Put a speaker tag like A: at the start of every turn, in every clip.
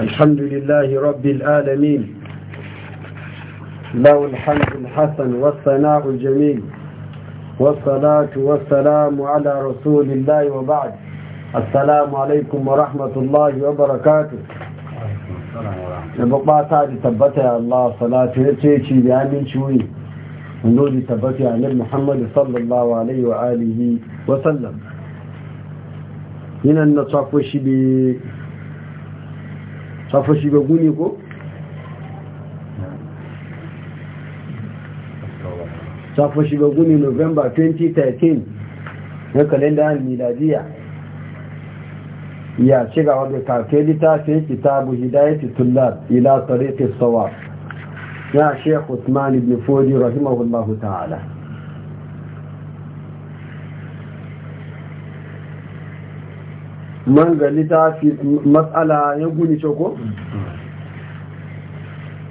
A: الحمد لله رب العالمين له الحمد الحسن والثناء الجميل والصلاة والسلام على رسول الله وبعد السلام عليكم ورحمة الله وبركاته نبقى تعالي تبتع الله صلاة يتيشي بأمين شوي ونودي تبتع عن محمد صلى الله عليه وآله وسلم هنا نتعفوش بأمين safa shi ga guni ko safa shi november 2013 na kalenda miladiya ya ci gaba da kafe littafin kitabu hidayati tullar ila tariqis sawab ya sheikh usman ibn fodi rahimahullahu ta'ala man ga littafi matsala ya guni coko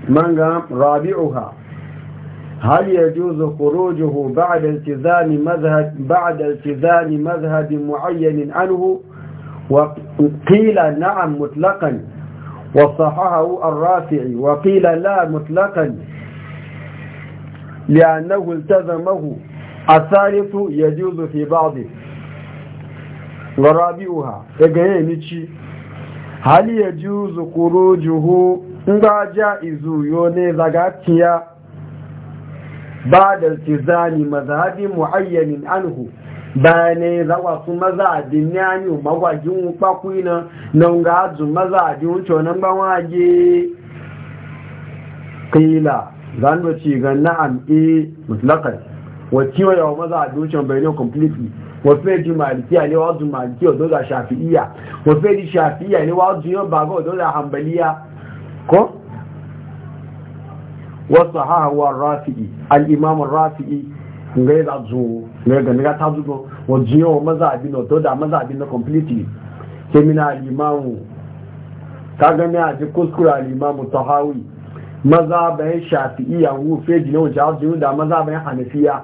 A: man ga rabi'uha هل يجوز خروجه بعد التزام مذهب بعد التزام مذهب معين عنه وقيل نعم مطلقا وصححه الرافعي وقيل لا مطلقا لأنه التزمه الثالث يجوز في بعضه wa rabi'uha daga yayin ci hali ya ji zukuru juhu nga ja izu yo ne tiya ba da tizani mazhabi muayyanin anhu ba ne zawa su mazhabin yani magwajin kwakwina na nga azu mazhabin wuce nan ba waje qila zan do ci ga na'am e mutlaqan wa kiwa yawa mazhabin wuce bai ne completely wọ́n fẹ́ ju màlìkíyà ní wọ́n ju màlìkíyà ọ̀dọ́dà ṣàfihíyà wọ́n fẹ́ di ṣàfihíyà ní wọ́n ju yọ́n bàbá ọ̀dọ́dà hàmbẹ̀líyà kọ́ wọ́n sọ ha wa rafi'i al'imam rafi'i ngai zuwo ngai ga niga ta zuwo wọ́n ju maza mazabi na ọ̀dọ́dà mazabi na kemina al'imamu ka gani a wọ́n fẹ́ wọ́n ju hanafiya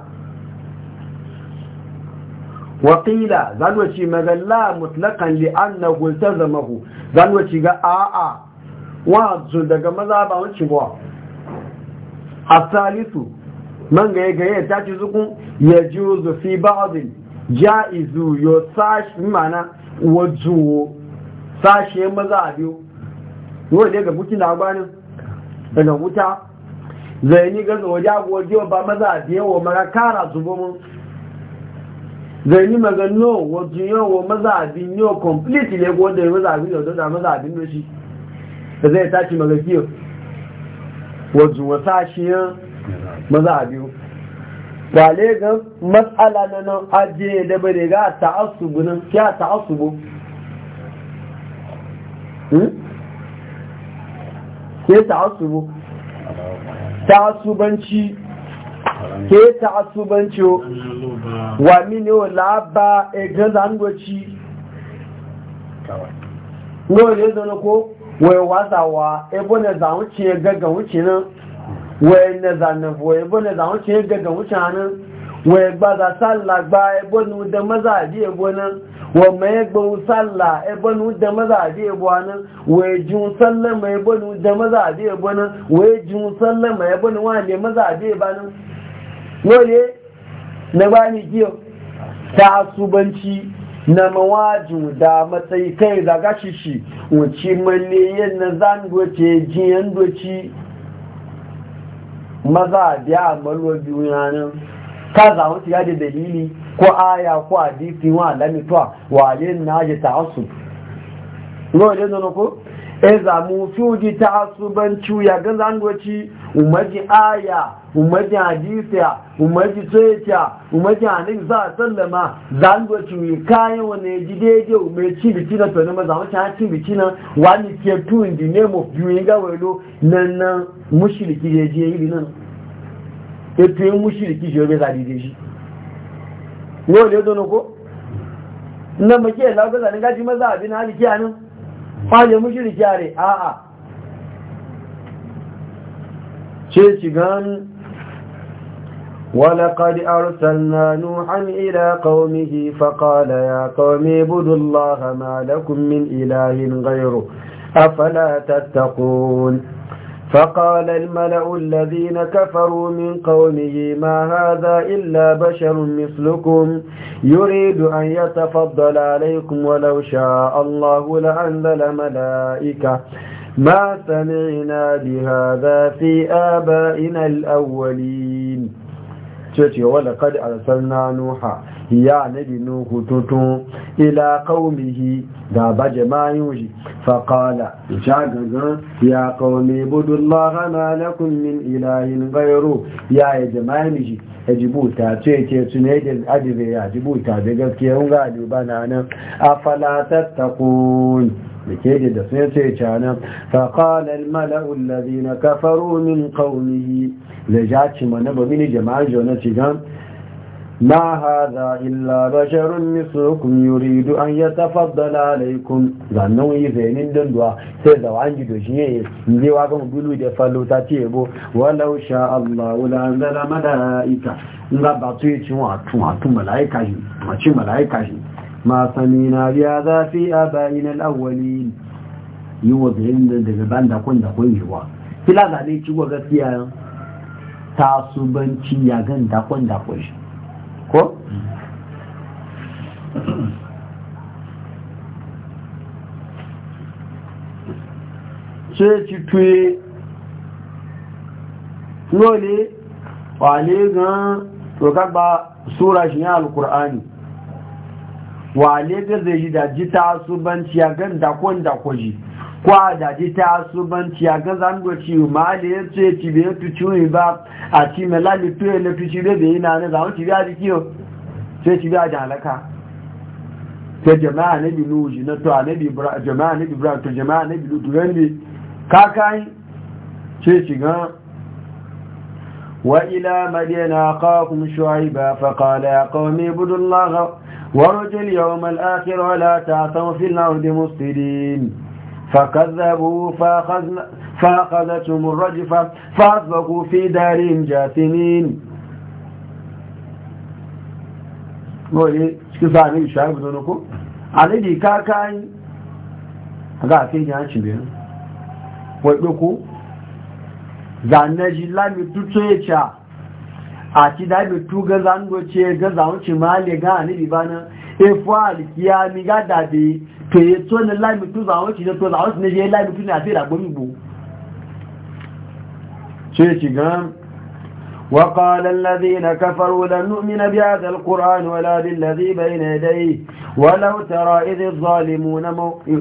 A: waƙila zanwaci magalla mutlakan li'anna hulta zamahu zanwaci ga a'a wazu daga maza ba wancin wa a salisu man ga ya gaya ta ci zukun ya ji zufi ba'azin izu yo sashi mana wajuwo sashe maza a biyu yau ne ga mutu labarin daga wuta zai ni gaza wajen abuwa ba maza a biyawa mara kara zubomin zai magano wajen wa mazabin yau complete ne ko da mazabin yau da mazabin da shi da zai tashi magafiyo wajen wasa shi yan mazabiyo ba le ga matsala na nan ajiye da ba ne ga ta'asubu nan ya ta'asubu ya hmm? ta'asubu ta'asubanci ke ta asubanci wa mini o laba egan da do goci kawai ne zana ko wa e wazawa ebo ne za wuce ga gaga wuce nan wai ne za nufo ebo ne za wuce ya ga wuce hannun wai gbaza salla gba ebo ne da maza a na e gonan wai mai gba salla ebo ne da maza a e biye gonan wai ji salla mai ebo ne da maza a biye gonan wai ji salla mai ebo ne wani maza a biye na. wale na bani giyo ta asubanci na mawaju da matsayi kai daga shishi wace maniyan na zangoce jiyan doci maza biya malwa biyu yanar ka zama su yaje da dalili ko aya ko hadisi wa alamituwa wale na ya ta asu wale nuna ko e zamu fiuji ta asubanci ya ga zangoci umaji aya umaji hadisiya umaji tsoyaciya umaji hannun za a sallama zangoci kayan wani ya ji ci biki na tsoron maza wacce ha ci biki na wani ke tu in the name of ga gawailo nan nan mushiriki ya je yi nan eto yin mushiriki je za a da shi yau ne dono ko nan maki yalla ga zanen gaji maza abin haliki a kwaje mushriki are a'a ce shigan ولقد أرسلنا نوحا إلى قومه فقال يا قوم اعبدوا الله ما لكم من إله غيره أفلا تتقون فقال الملأ الذين كفروا من قومه ما هذا إلا بشر مثلكم يريد أن يتفضل عليكم ولو شاء الله لأنزل ملائكة ما سمعنا بهذا في آبائنا الأولين ce wala kad arsalna nuha ya nabi nuhu tutu ila qaumihi da ba jama'in shi faƙala ya jagaga ya qaumi budullaha ma na min ilahin gairu ya yi jama'in shi ajibuta ce ce tunai da adibe ya jibuta da gaskiya kun ga na. nan a falatattakun لكي دسيتي كان فقال الملأ الذين كفروا من قومه لجاتي من بمن جماعة جونتي كان ما هذا إلا بشر مثلكم يريد أن يتفضل عليكم zannan yi zainin don duwa sai da wani gido shi ne zai waka da falota ce yabo walau sha Allah wula zala mala'ika in ga ba yi cin wa ما سمينا بهذا في ابائنا الاولين يوضعن daga banda kun da kun yiwa kila da ne ciwo gaskiya ta subanci ya gan da kun shi ko ce ci tuye nole wale gan to kaba sura shi ne alkur'ani wale ga zai yi ji ta subanci ya gan dakon dakoji kwa ji ta subanci ya gan zangoci ma da ya ce ci ya tuci wani ba a ci mai lalitu ya na tuci bai yi na na zama ci biya da kiyo sai ci biya da halaka ta jama'a na bi nuji na to a na bi jama'a na bi bra to jama'a na bi lutu rande kakai ce ci gan وإلى مدينة أخاكم شعيبا ya kawo قوم اعبدوا الله ورجوا اليوم الآخر ولا تعثوا في الأرض مصدرين فكذبوا فأخذتهم الرجفة فأصبقوا في دارهم جاثمين wani cikin sami shari'a buzo nuku a nadi kakayi a ga fi yi hanci biyu wadda ku ji lami tutu ya ca a ti dabe tu ga zango ce ga zaunci male ga anibi bana e fuali kiya mi ga dabe to ye to ne lai mi to zaunci ne je lai mi tu ne a gbo وقال الذين كفروا لن نؤمن بهذا القرآن ولا بالذي بين يديه ولو ترى إذ الظالمون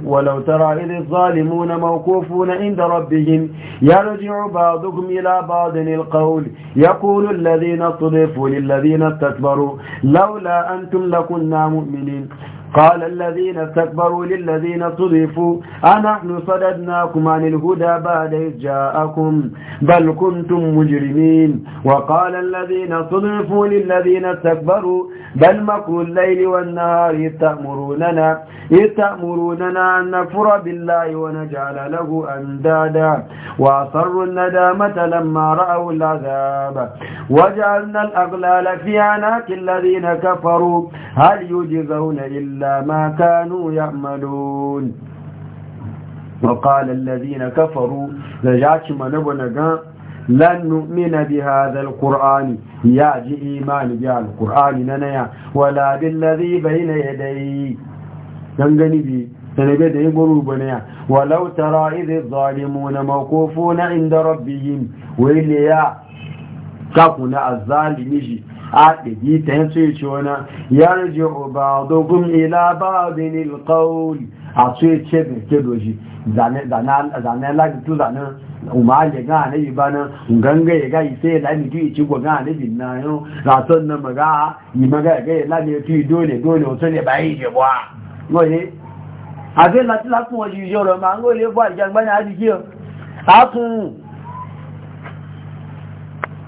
A: ولو ترى إذ الظالمون موقوفون عند ربهم يرجع بعضهم إلى بعض القول يقول الذين اصطفوا للذين استكبروا لولا أنتم لكنا مؤمنين قال الذين استكبروا للذين صرفوا أنحن صددناكم عن الهدى بعد إذ جاءكم بل كنتم مجرمين وقال الذين صرفوا للذين استكبروا بل مكروا الليل والنهار إذ تأمروننا, إذ تأمروننا أن نكفر بالله ونجعل له أندادا وأصروا الندامة لما رأوا العذاب وجعلنا الأغلال في عناك الذين كفروا هل يجزون إلا إلا ما كانوا يعملون وقال الذين كفروا لجاك من ونقا لن نؤمن بهذا القرآن يأتي إيمان بها القرآن ننيا ولا بالذي بين يديه ينقني بي سنبدا يقربنا ولو ترى إذ الظالمون موقوفون عند ربهم وإليا كفنا الظالمين أعطي تنسيش هنا يرجع بعضهم إلى بعض القول أعطي شبه كدوشي zane lagitu zane umarje ga na yi bana ganga ya ga ise da ni tuyi ci gwa na bin na yo na maga yi maga ga ya labe dole dole o tole ba yi je bwa no ye abe lati la kun o ji yo ro ma ngo le bwa ja a kun.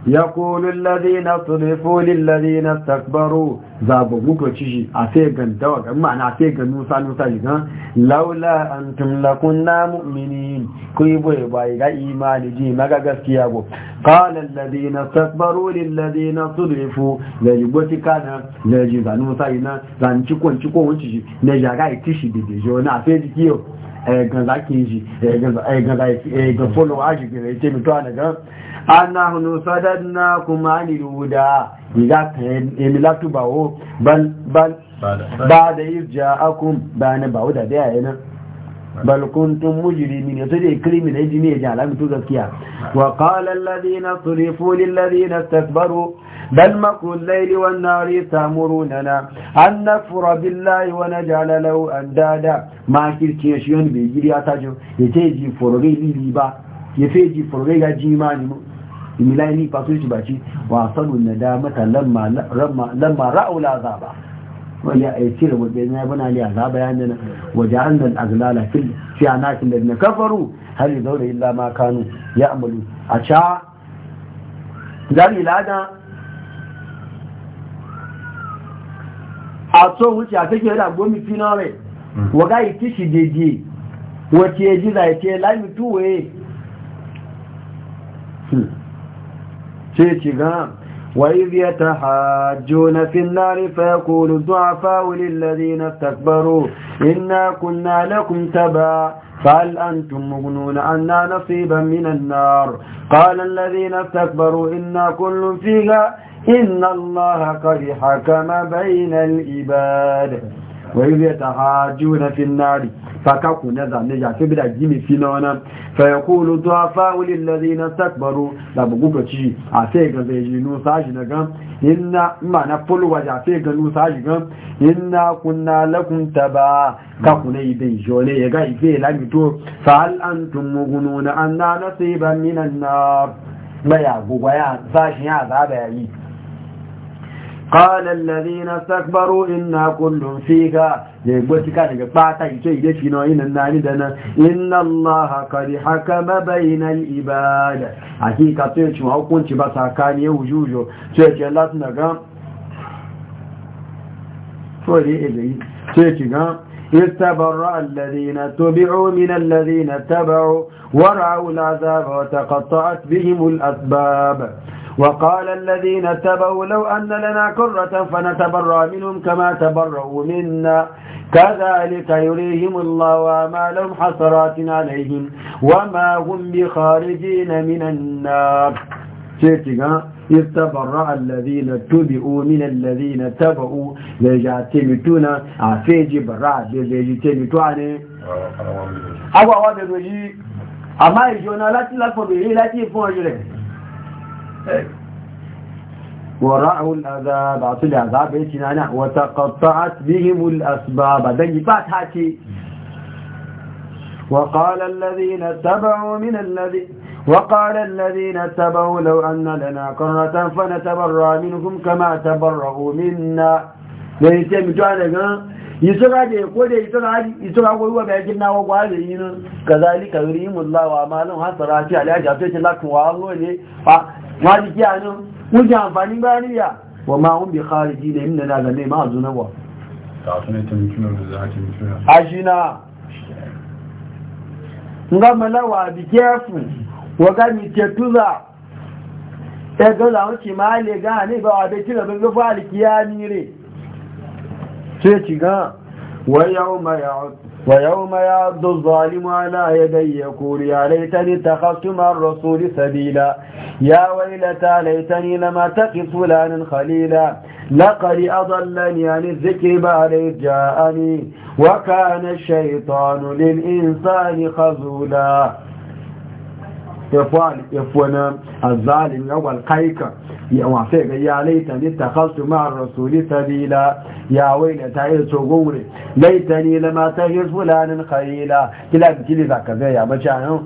A: يقول الذين صرفوا للذين استكبروا زابو وشيشي تشي أفيغن دوغ معنى أفيغن نوسى نوسى جيغان لولا أنتم لكنا مؤمنين كيبو يبايغا إيمان جي مغا غسكيابو قال الذين استكبروا للذين صرفوا لجبو تكانا لجيزا نوسى جينا زان چكون چكون تشي نجاغا يتشي بيدي جونا أفيغ كيو ẹ̀gàn lákìíjì ẹ̀gàn fọ́lọ́wọ́ ájìgbèrè tí mi tó ànàgán annahunu sadadna kuma anil huda iza emilatu bawo bal bal ba da irja'akum ba na bawo da da yana bal kuntum mujrimin yato da criminal ne ne ya alamu to gaskiya wa qala alladhina turifu lil ladina istakbaru bal makru al-layli wan nari tamuruna an nafra billahi wa naj'ala lahu andada ma kirki shi on bi giri atajo yace ji forogai liba yace ji forogai ga jimani mu imilai ni fasu shi baci wa sanu na da mata lamma ra'ula ba? wani ya cire wajen na yabana ne a zaba ya nuna waje an nan azlala fi a nakin da na kafaru har yi zaure illa ma kanu ya amalu a ca zari lada a tso wuce a take da gomi finare hmm. wa ga yi kishi daidai wace ji ya ce lami tuwaye Hmm. تيتيغا وإذ يتحاجون في النار فيقول الضعفاء للذين استكبروا إنا كنا لكم تبا فهل أنتم مغنون عنا نصيبا من النار قال الذين استكبروا إنا كل فيها إن الله قد حكم بين العباد wai zai ta haju na finnari faka ku na zane ya fi bida gimi fi na wani fayakulu zuwa fa'ulin lalazi na takbaru da bugu ci a sai ga zai ji nusa shi na gan inna ma na fulwa ya fi ga nusa shi gan inna kunna lakun ta ba ka kuna yi bai jole ya ga ife lamito fa'al an tun mugunu na an na nasiban minan na baya ya sashi ya zaba ya yi قال الذين استكبروا إنا كل فيك يقولك أنك بعتك شيء فينا إن الناردنا إن الله قد حكم بين الإبادة حقيقة تيش وحكم بس كان يوجوجو تيش لاتنا قام فوري إلي تيش قام استبرأ الذين تبعوا من الذين تبعوا ورعوا العذاب وتقطعت بهم الأسباب وقال الذين اتبعوا لو أن لنا كرة فنتبرأ منهم كما تبرأوا منا كذلك يريهم الله لهم حسرات عليهم وما هم بخارجين من النار شيكي الذين تبعوا من الذين تبعوا لجاتمتون عفيجي براء لجاتمتون أبو أبو أبو أبو أبو أبو أبو أبو أبو أبو جلس ورأوا الأذاب عطوا الأذاب يتنانا إيه وتقطعت بهم الأسباب دنجبات هاتي وقال الذين اتبعوا من الذي وقال الذين اتبعوا لو أن لنا كرة فنتبرى منهم كما تبرؤوا منا ليس جعلنا يسرع دي كودي يسرع يسرع هو بيجينا وقالين كذلك يريم الله وعمالهم حسرات على جابتي لك والله لي ما دي كانو وجه انفاني بانيا وما هم بخارجين مننا غني ما زنوا ajina nga malawa be careful waga mi tetuza ẹgbẹ́ làwọn ti máa lè gáà ní ìbáwà bẹ́ tí lọ bẹ́ gbé fún àríkíyá ní rèé sai ويوم يعد ويوم يعد الظالم على يدي يقول يا ليتني اتخذت مع الرسول سبيلا يا ويلتى ليتني لم اتخذ فلانا خليلا لقد اضلني عن الذكر بعد اذ جاءني وكان الشيطان للانسان خذولا يفونا الظالم والقيك وفيك يا ليتني اتخذت مع الرسول سبيلا يا ويل تعيس غوري ليتني لما تهز فلانا خليلا كلا بكلي ذاك يا بشان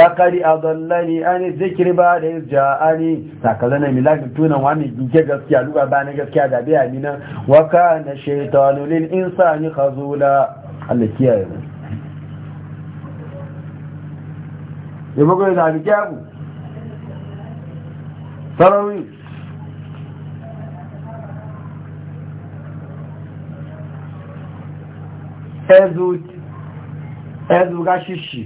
A: لقد أضلني أن الذكر بعد إذ جاءني تكلنا ملاك تونا وامي جيجا غسكيا لغا بانا غسكيا دابي أمينا وكان الشيطان للإنسان خزولا الله كيا يا da magwai da abin kyabu sarari ezu ga shishi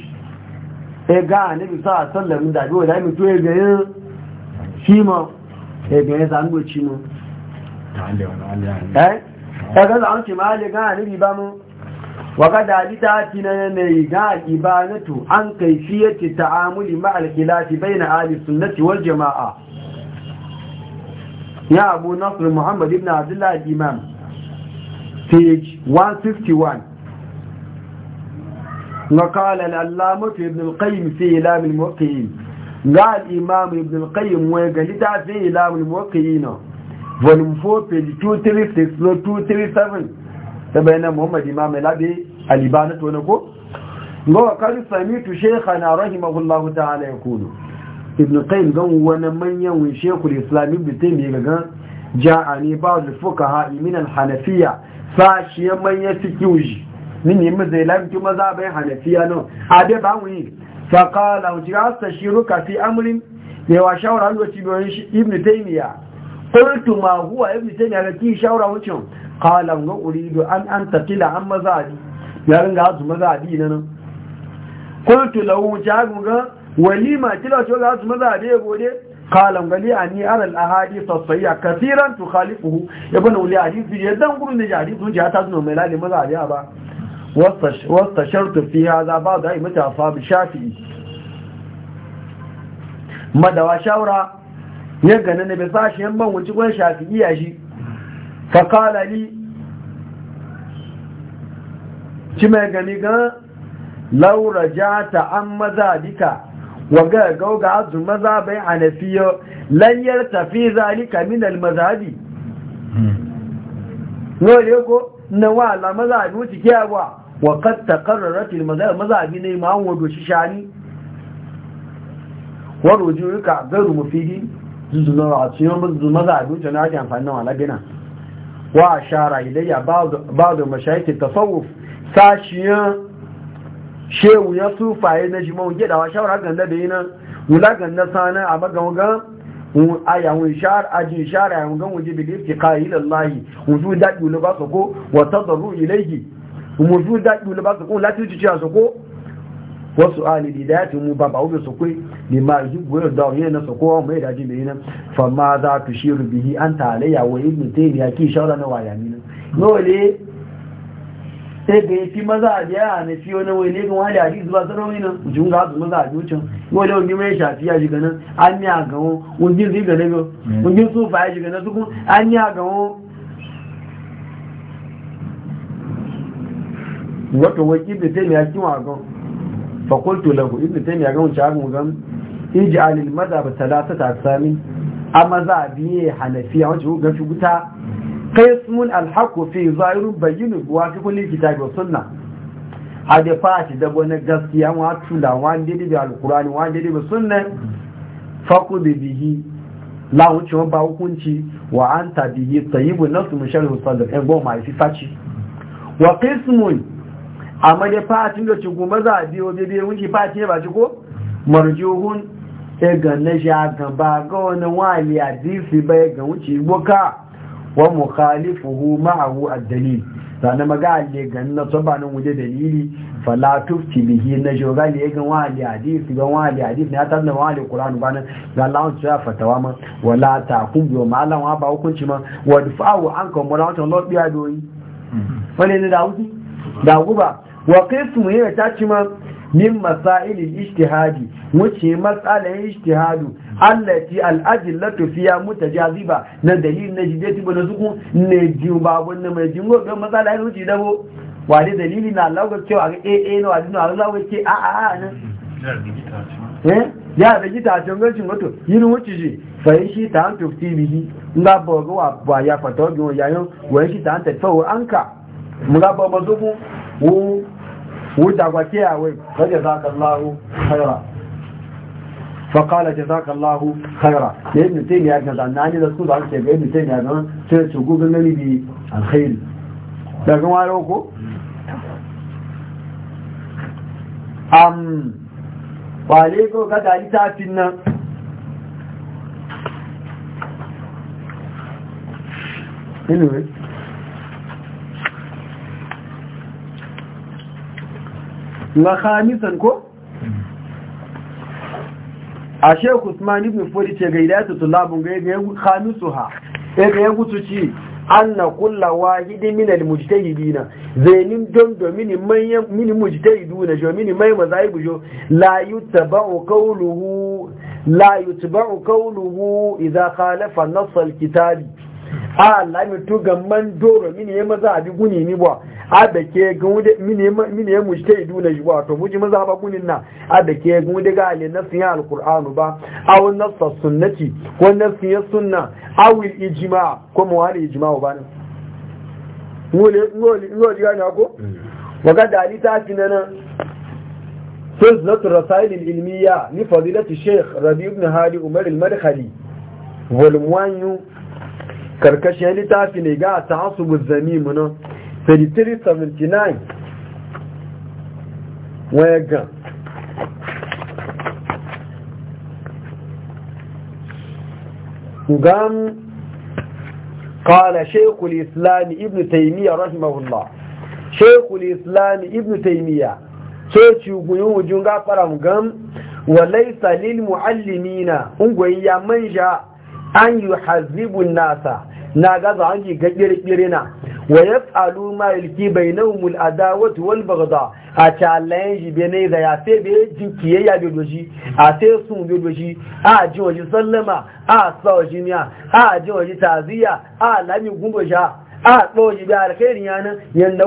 A: e ga bi sa a sallamin da biyu da mutu ya gayin shima ya gayin zangoci mu ta ga zangoci ma ya ga bi ba mu waka da ita ci na yanayi ga iba na tu an kai shi yake ta'amuli ma'alƙilafi bai na alisun na ciwar jama'a ya abu nasiru muhammad ibn abdullahi imam page 151 na kala lallamatu ibn alƙayim fi ilamin mawaƙayin ga imam ibn alƙayim wai ga lita fi ilamin mawaƙayin volume 4 page 236 no da bayanan muhammad imam labe alibana to ne ko gowa kan samitu shaykhana rahimahullahu ta'ala yaqulu ibn qayyim gan wani manyan wani shaykhul islam ibn taymiyyah ga ja'ani ba'd fuqaha min al hanafiya sa shi manyan fikiuji min ne mu zai lamki maza bai hanafiya no dai ba wani fa qala wajra tashiruka fi amrin wa shawara lokaci ibn taymiyyah qultu ma huwa ibn taymiyyah ga ki shawara wucin kalan uri do an an tafila an mazadi ya ringa azu na nan kuntu lahu jagu ga walima kila to ga maza mazadi ya gode kalan ga li ani aral haɗi tasayya kathiran tukhalifuhu tu hali hadithu ya dan gurin da jari sun ja ta zuno mai lali mazadi ba wasta shartu fi za ba da imtafa bi shafi'i madawa shawara ya gani na bai sashi yan ban wuci gwan shafi iya shi faƙala li ci mai gani gan laura ja an maza dika waga gauga azu maza bai hanafiyo lanyar tafi zalika minal mazhabi ne ko na wala mazhabi wuce kiyawa wa kad taqarraratil mazhabi mazhabi ne ma an wado shi shani wa rujuyuka gairu mufidi zuzunar a cikin mazhabi wuce na ake amfani na wala bina wa ashara ilayya ba'du mashayikh at-tasawuf sashiyan shehu ya sufaye na jimon gida wa shawara ganda da yinan wula ganda sana a aya un shar aji shar ayahun ga waje bil iftiqa ila Allah wuju da dulu ba su ko wa tadru ilayhi wuju da dulu ba su ko lati tuci su ko wasu alibi da ya fi mu ba ba wuce su kwai ma yi goyar da wani na sako wa mai daji mai na fa ma za ta shi rubihi an talayya wa ibn taymiya ki shawara na waya ni dole sai e ga yi maza a biya na fiye na wani e ga wani hadisi ba sarau na jun ga su maza a jucin dole wani mai e ya shiga nan an yi a gawo wani zai ga na biyu wani su, ya shiga na su an yi a gawo wato wakil da taymiya kin a gawo fakultu lahu ibn taymiya ga wancan abin gan ij'al al madhhab thalathata aqsami amma za biye hanafiya wancan ga guta qismun al haqq fi zahiru bayyin wa fi kulli kitab wa sunna hade fashi da wani gaskiya wa tula wa dede bi al qur'ani wa dede bi sunna faqud bihi la wuce ba hukunci wa anta bihi tayyibun nafsu musharrihu sadr e goma fi faci wa qismun amma dai fatin da cikin maza a biyo bebe wunki fatin ba ci ko marjuhun ya na shi a gaba ga wani wali a ba bai ga wuce boka wa mukhalifuhu ma'ahu ad-dalil sanan maga ne na to ba nan wuje dalili fala tufti bihi na joga ne ga wali hadisi ga wali hadisi na tanna wali qur'an ba nan ga Allah ya fatawa ma wala taqum bi ma, wa ba hukunci ma wa fa'awu an kan mura wata lord biya doyi mm-hmm. wale ne da wuce da guba wa qismu ya tace ma min al ijtihadi wuce matsalar ijtihadu allati al ajlatu fiya mutajaziba na dalil na jidati na zuku ne jiu ba wannan mai jingo ga matsalar wuce dabo wani dalili na Allah ga cewa ga eh eh na dinu Allah ga ce a a a nan eh ya da gita a ga cin goto yin wuce ji fayin shi ta an tufti bihi nga bogo wa ya fatawa biyo yayin wa shi ta an tafawo anka mugaba mazubu wuta kwace yawai ta ka Allahu khaira faƙala jazaka Allahu khaira da yadda taimi ya ga na ne da su da ake ga yadda ya gaza sai da shugu gan gani bi alkhairi da gama yau ko? am ƙwale ko ga gari tafin nan anyway na khamisan ko a sheku usmani ibn fodi ce ga idatu tulabun ga ya khamisuha ya ga ya gutuci anna kulla wahidin min na zainin don domin manyan min na jo min mai mazaibu jo la yi qawluhu la yutba'u qawluhu idha khalafa nass alkitabi a lami to ga man doro mini ya maza abi guni ni ba a da ke gunde mini mini ya mushte idu na jiwa to muji maza ba gunin na a da ke gunde ga ale na sinya alqur'anu ba aw nassa sunnati ko nassa sunna aw ijma ko mu muwali ijma ba ne ngole ngole ngole ga na ko mm. waga dali ta tinana ilmiya ni العلمية لفضيلة Rabi ibn Hadi Umar عمر المدخلي volume 1 karkashin littafi ne ga a ta hasu buzzami munan 3379 waya ga gan kala shekul islami ibn taimiyya rahimahullah shekul ibn taimiyya so ci guyi hujjun gafara gan wa laisa lil muallimina ungoyi ya manja an yi hazibun nasa na gaza an yi gaggirgiri na wa ya tsalu ma yalki bai na umul adawatu wal bagda a calayen shi bene da ya sai bai jinkiye kiyayya bai doshi a sai sun bai doshi a ji waje sallama a sa waje niya a ji waje taziya a lami gumba sha a bai da alkhairin yanan yan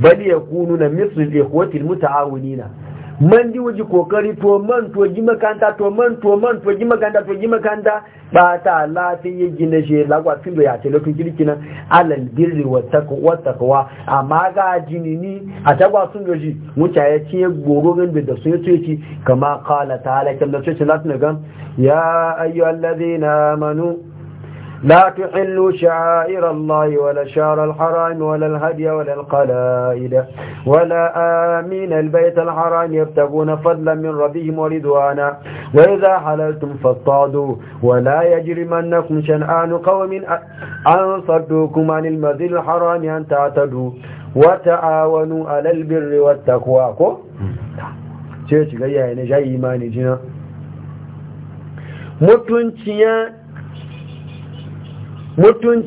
A: bali ya ya na misl ikhwati mutaawinina man ji waje kokari to man to ji makanta to man to man to ji makanta to ji makanta ba ta lafi ya gina shi lagwa fin da ya ce lokacin kirki nan alal birri wa taqwa amma ga jinini a tagwa sun doji muta ya ce goro gan da su yace ki kama qala ta'ala kan da ce latin gan ya ayyuhallazina amanu لا تحلوا شعائر الله ولا شعر الحرام ولا الهدي ولا القلائد ولا آمين البيت الحرام يبتغون فضلا من ربهم ورضوانا وإذا حللتم فاصطادوا ولا يجرمنكم شنآن قوم أن صدوكم عن المسجد الحرام أن تعتدوا وتعاونوا على البر والتقوى ce ci gayya ne jayi imani jina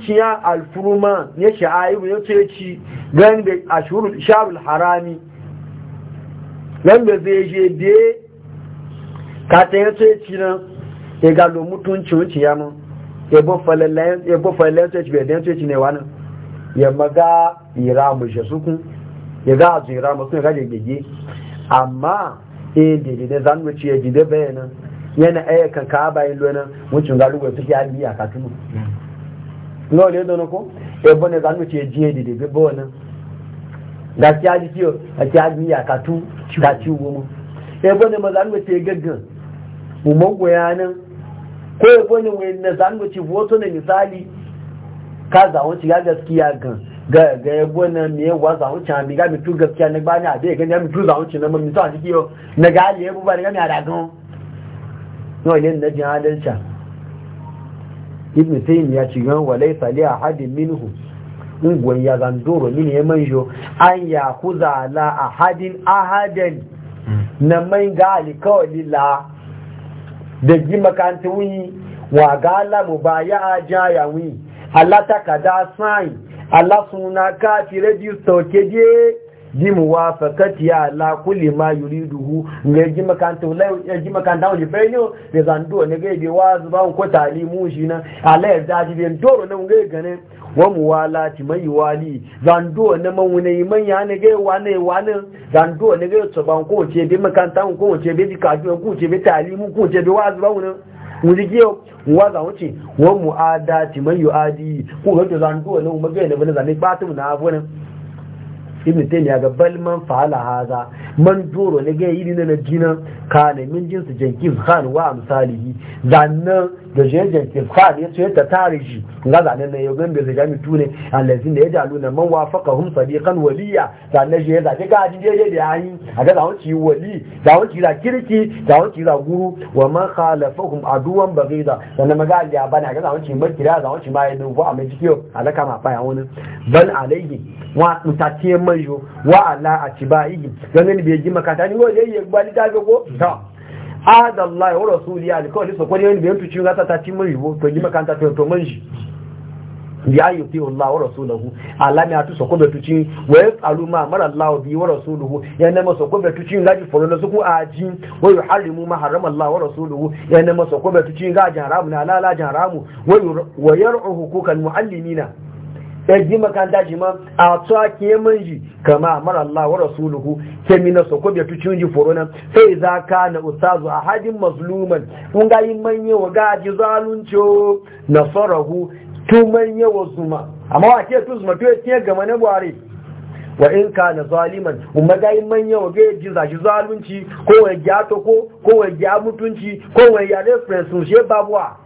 A: ya alfuruma ya sha'ayibu ya ce ci gan da asharul harami gan da zai je de ka ta ya ce ci nan ya galo mutunci ya mu ya ya ce ci bai da ya ce ci ne wani ya maga mu shi sukun ya za a su iramu sun da gege amma e dede da zan wuce ya jide bayanan yana ayyukan ka bayan lona wucin galuwa suke hali a katunan lọ́wọ́ lè dọ́nà kó ẹ̀bọ́n a ìgbàlù tí èjì èdè dè gbébọ́ ọ̀nà gàtí ájú tí ó àti ájú yà kàtú gàtí owó gan, ẹ̀bọ́n ní ìgbàlù tí gẹ́gàn ya ná e ko ẹ̀bọ́n ní ìgbàlù tí misali kaza wọn ti ga gaskiya gan ga ga ẹ̀bọ́n e na me wa za wọn cha mi ga mi tu gaskiya na gba ni ade ga ni mi tu za wọn ci na mi misali ji yo na ga le e bu ba ni ga mi ada gan no ile na jin adalcha ibn tayyim ya ci gan walai sali ahadin minhu ungwan ya zandoro mini ya manjo an ya kuza la ahadin ahadan hmm. na man ga alikawali la da ji makanta wuyi wa gala mu ba ya aja ya Allah takada sign Allah suna ka ti register ke bi muwafaqati ala kulli ma yuriduhu ne ji eh, makanta wallahi ya ji makanta wani fayo da zandu ne ga bi wa zuba ko talimu shi na ala ya daji bi doro ne ga gane wa muwalati mai wali zandu ne man wani man ya ne ga wa ne wa ne ga ban ko ce bi makanta ko ce bi dikaju ko ce bi talimu ko ce bi wa zuba wani wuri giyo wa za wuce wa mu'ada ti mai yu'adi ko ga to ne mu ga ne bane zane batun na abunan ibn ya ga bal man fa'ala hadha man doro ne ga yidi na jina kana min jinsu jankiz khan wa amsalihi zannan da je jankiz khan ya ce ta tariji ga zannan ne yogan da zai jami tune allazin da ya dalu na man wafaqahum sadiqan waliya zannan je za ga ji je da yayi a ga zawon ci wali zawon ci da kirki zawon ci da guru wa man khalafahum aduwan baghida sannan maga ya bana ga zawon ci makira zawon ci mai dubu a mai cikiyo alaka ma fa ya wani bal alaihi wa mutatiyan bayo wa ala a ci ba igi ganin bai ji makata ni wani yayi gbali ta ga ko ta adallahi wa rasuli ya ni so ko ni wani bai tuci ga ta ci manjo to ji makanta to to manji bi ayu fi Allah wa rasuluhu ala alami atu so ko be tucin wa ya tsaru ma mar Allah bi wa rasuluhu ya nema so ko be kobe tucin gaji foro na ku aji wa yuhallimu ma haram Allah wa rasuluhu ya nema so ko kobe tucin gaji haramu na ala alala haramu wa yar'u hukukan muallimina ɗaji makanta shi ma a tsawa ke manji kama mara Allah wa rasuluhu ke mina so ko bi tuci ji forona sai za ka na ustazu ahadin mazluman kun ga yi manye wa ga ji zalunci nasarahu tu manye wa zuma amma wa ke tu zuma to ya gama na buhari wa in ka na zaliman umma ga yi manye wa ga ji zaji zalunci ko wa ya to ko ko wa mutunci ko wa yare reference shi babuwa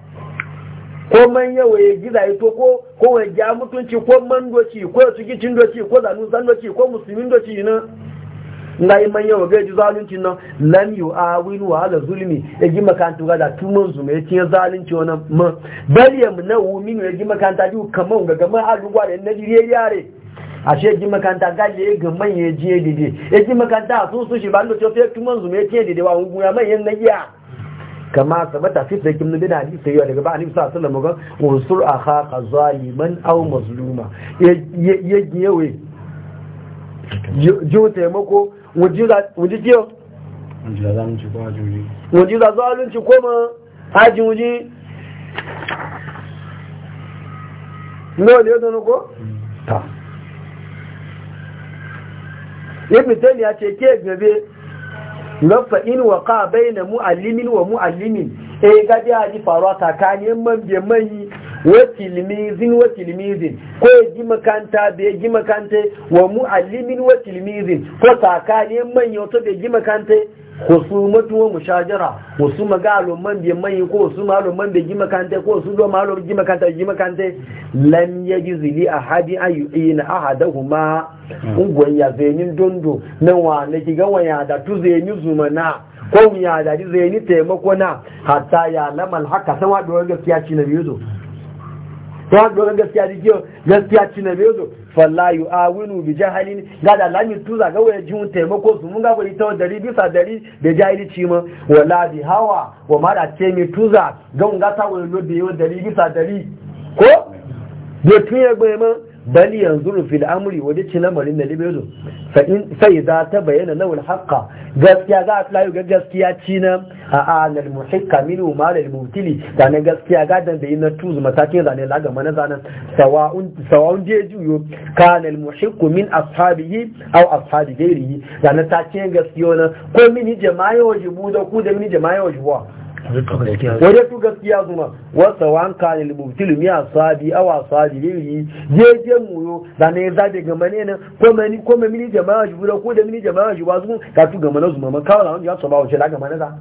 A: ko man yawa ya gida ya to ko wa ya ja mutunci ko man doci ko ya tuki cin doci ko zanu zan doci ko musulmin doci na yi man yawa gaji zalunci nan lam yu awin wa ala zulmi ya ji makanta ga da man zuma ya tiyan zalunci nan ma bal ya na umin ya ji makanta ji kaman ga gaman alugwa da najeriya yare ashe ji makanta ga ya ga manya ya ya dide ya ji makanta sun sun shi ba cewa to fe tumun zuma ya tiyan dide wa ungu ya manyan na iya kama sabata fi sai kin nabi da hadisi yau daga ba annabi sallallahu alaihi wasallam ga unsur akhaka zaliman aw mazluma ya giyewe jo wuji wuji zalunci ko ma haji wuji no ne ce ke gabe nafa in waka bai na mu'allimin wa mu'allimin eh gaji haji faruwa tsakanin mabiya mai wa tilmizin wa tilmizin ko ya makanta makanta wa ko tsakanin mai wato makanta wasu mutuwa mu shajara wasu magalo man bi mai ko wasu malo man bai gima kante ko wasu zuwa malo gima kante gima kante lam hmm. ya ji zili a hadi an yi aha da ya zenin dondo na wa ne ki ga ya da tu zeni zuma na ko mu ya da ji zeni taimako na hatta ya lamal haka san wa doron gaskiya ci na biyu to ta gaskiya ji gaskiya ci na biyo zo falla yu awinu bi jahalin ga da lami tuza ga waye jin taimako su mun ga bai dari bisa dari da jahilci ma wala bi hawa wa mara ce mi tuza ga mun ga ta waye lo da yau dari bisa dari ko da tun ya gbe ma Bani yanzuru fil amri wa amarin lamarin da libe zo ta bayyana lawul haqqa gaskiya za ta layu gaskiya ci na a anal muhiqqa min umar al mubtili da na gaskiya ga dan da yana tuzu matakin zane laga mana zanan sawa'un sawa'un je juyo kana al muhiqq min ashabihi aw ashabi ghairihi da na ta ce gaskiya na ko mini jama'a wajibu da ku da mini jama'a wajibu wajen su gaskiya zuma wasa wanka ne mubtil mi sabi awa asabi ne yi je muyo da na za de gama ne nan ko mani mini jama'a shi ko da mini jama'a shi ba su ka tu gama na zuma ma kawai ya saba wace da gama na za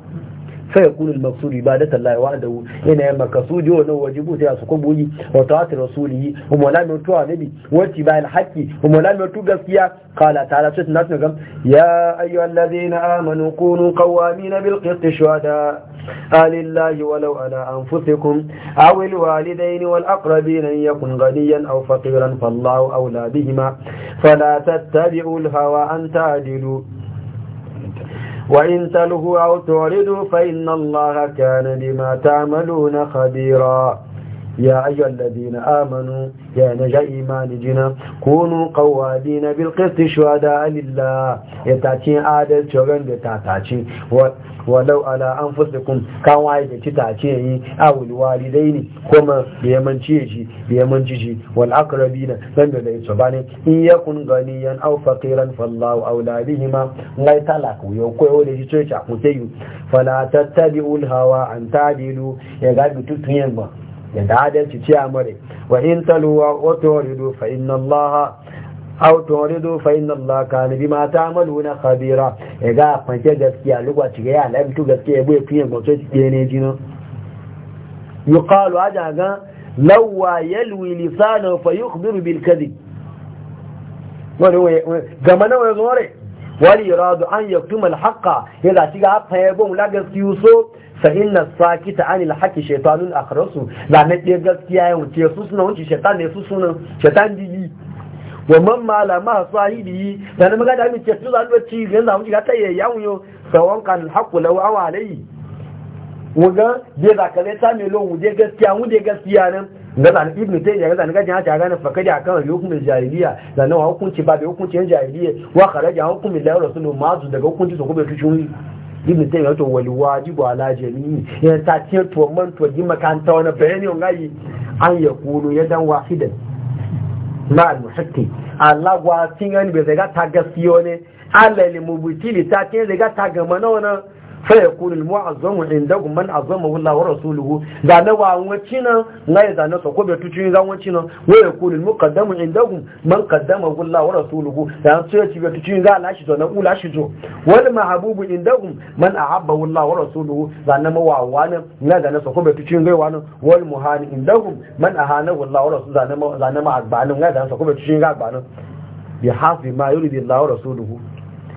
A: fa yakunu al-maqsud ibadatu Allah wahdahu yana ya makasudi wa nan wajibu sai su ko buyi wa ta'ati rasulihi wa malamin to annabi wa tibai al-haqqi wa malamin to gaskiya qala ta'ala sai na gam ya ayyuhal ladhina amanu kunu qawamin bil qist shuhada alillahi walau ala anfusikum aw al-walidayn wal aqrabin yakun ghaniyan aw faqiran fallahu awla bihima fala tattabi'u al-hawa an ta'dilu وإن تلهوا أو تعرضوا فإن الله كان بما تعملون خبيرا يا أيها الذين آمنوا يا نجا إيمان جنا كونوا قوادين بالقسط شهداء لله يتاتين عادل شغن بتاتاتين ولو على أنفسكم كان وايد تتاتين أو الوالدين كما بيمن تيجي بيمن تيجي والأقربين لم يدعي سبحانه إن يكن غنيا أو فقيرا فالله أولى بهما لا يتلك ويوكوه ولي تيجي فلا تتبعوا الهوى أن تعدلوا يقال بتتوين yadda adalci ce a mare wa in taluwa wato rido fa inna Allah aw turidu fa inna Allah kana mata maluna khabira e ga fanke gaskiya lokaci ga ya lamtu gaskiya bai fiye goto ce ne jino yuqalu aja ga lawa yalwi lisanu fa yukhbiru bil kadhib wani gama na wani zore wani radu an yi al haqa ya da shiga fa yabo mu la gaskiyu so fa inna sakita anil haqqi shaytanun akhrasu da na ɗaya gaskiya ya wuce su suna wuce shaytan ne su suna shaytan dili wa man ma la malama sahibi da na magana mi ce su zan wuce ga zan wuce ga ta ya yawun yo sawan kan haqqu law aw alai wuga je da kale ta me lo wuje gaskiya wuje gaskiya nan ga zan ibnu tayy ga zan gajin haka ganin fakari akan hukumin jahiliya da nawa hukunci ba da hukuncin jahiliya wa kharaja hukumin la ma zu daga hukunci su kuma tushin ibn tayyib wato wal wajibu ala jami'i ya ta ce to man to ji makanta wani bayani on gayi an ya kunu yadan wahidan la al muhaqqi Allah wa tinga ni be daga ta gaskiyo ne Allah li mubtili ta ce daga ta gama na wannan fa ya kunu mu'azzamu indakum man azama billahi wa rasuluhu da na wa wacina ngai da na sokobe tuci ngai wacina wa ya kunu muqaddamu man qaddama billahi wa rasuluhu da na so ci tuci ngai na shi to na shi to wa ma habubu indakum man ahabba billahi wa rasuluhu da na ma wawana ngai da na sokobe tuci ngai wawana wa muhani indakum man ahana billahi wa rasuluhu da ma da na ma agbanu ngai da na sokobe tuci hafi ma yuridu billahi wa rasuluhu